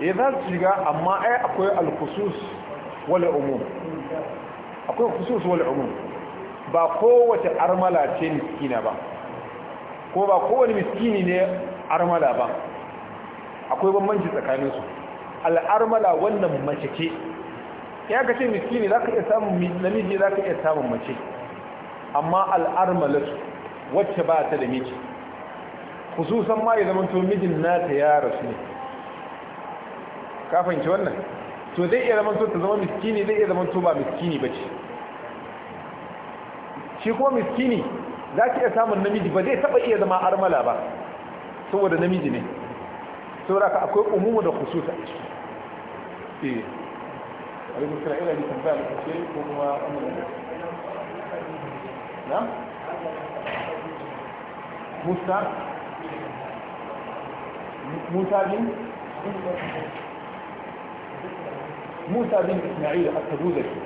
ya eh, za su shiga amma ai akwai alkusus wale umum akwai kusus wale umum ba kowace armala ce miskina ba ko ba kowane miskini ne armala ba akwai bambanci tsakaninsu al'armala wannan mace ce ya ka ce miskini za ka iya samun namiji za ka iya samun mace amma al'armala wacce ba ta da miji khususan ma ya zama to mijin nata ya rasu ka fahimci wannan to zai iya zama to ta zama miskini zai iya zama to ba miskini bace. shi kuma miskini za ki iya samun namiji ba zai taba iya zama armala ba saboda namiji ne saboda ka akwai umumu da khususa eh alaikun sura ila ni tambaya da kace ko kuma amana na musta musa bin musa bin isma'il at-tabuzaki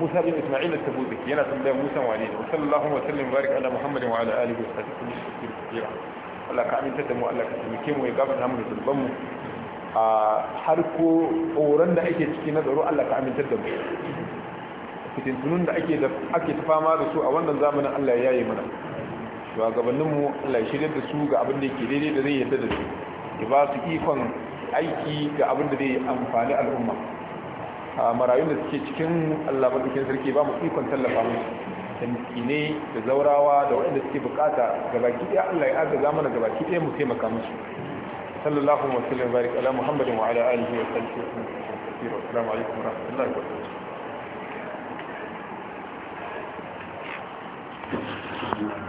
musa bin isma'il at-tabuzaki yana tambayar musa wane ne sallallahu wa sallam barik ala muhammadin wa ala alihi wa sahbihi kira Allah ka aminta da mu Allah ka taimake mu ya gafarta mu da zulban mu a har ko tsoron da ake ciki na tsaro Allah ka aminta da mu fitintunun da ake da ake fama da su a wannan zamanin Allah ya yi mana shugabanninmu Allah ya shirya da su ga abin da yake daidai da zai yarda da su ya ba su ikon aiki ga abin da zai amfani al'umma a marayun da suke cikin Allah madaukin sarki ba mu ikon tallafa musu tamkinai da zaurawa da waɗanda suke bukata gabaki ɗaya Allah ya agaza mana gabaki ɗaya mu taimaka musu sallallahu alaihi wa sallam barik ala muhammadin wa ala alihi wa sahbihi wa sallam alaikum wa rahmatullahi wa barakatuh Thank you.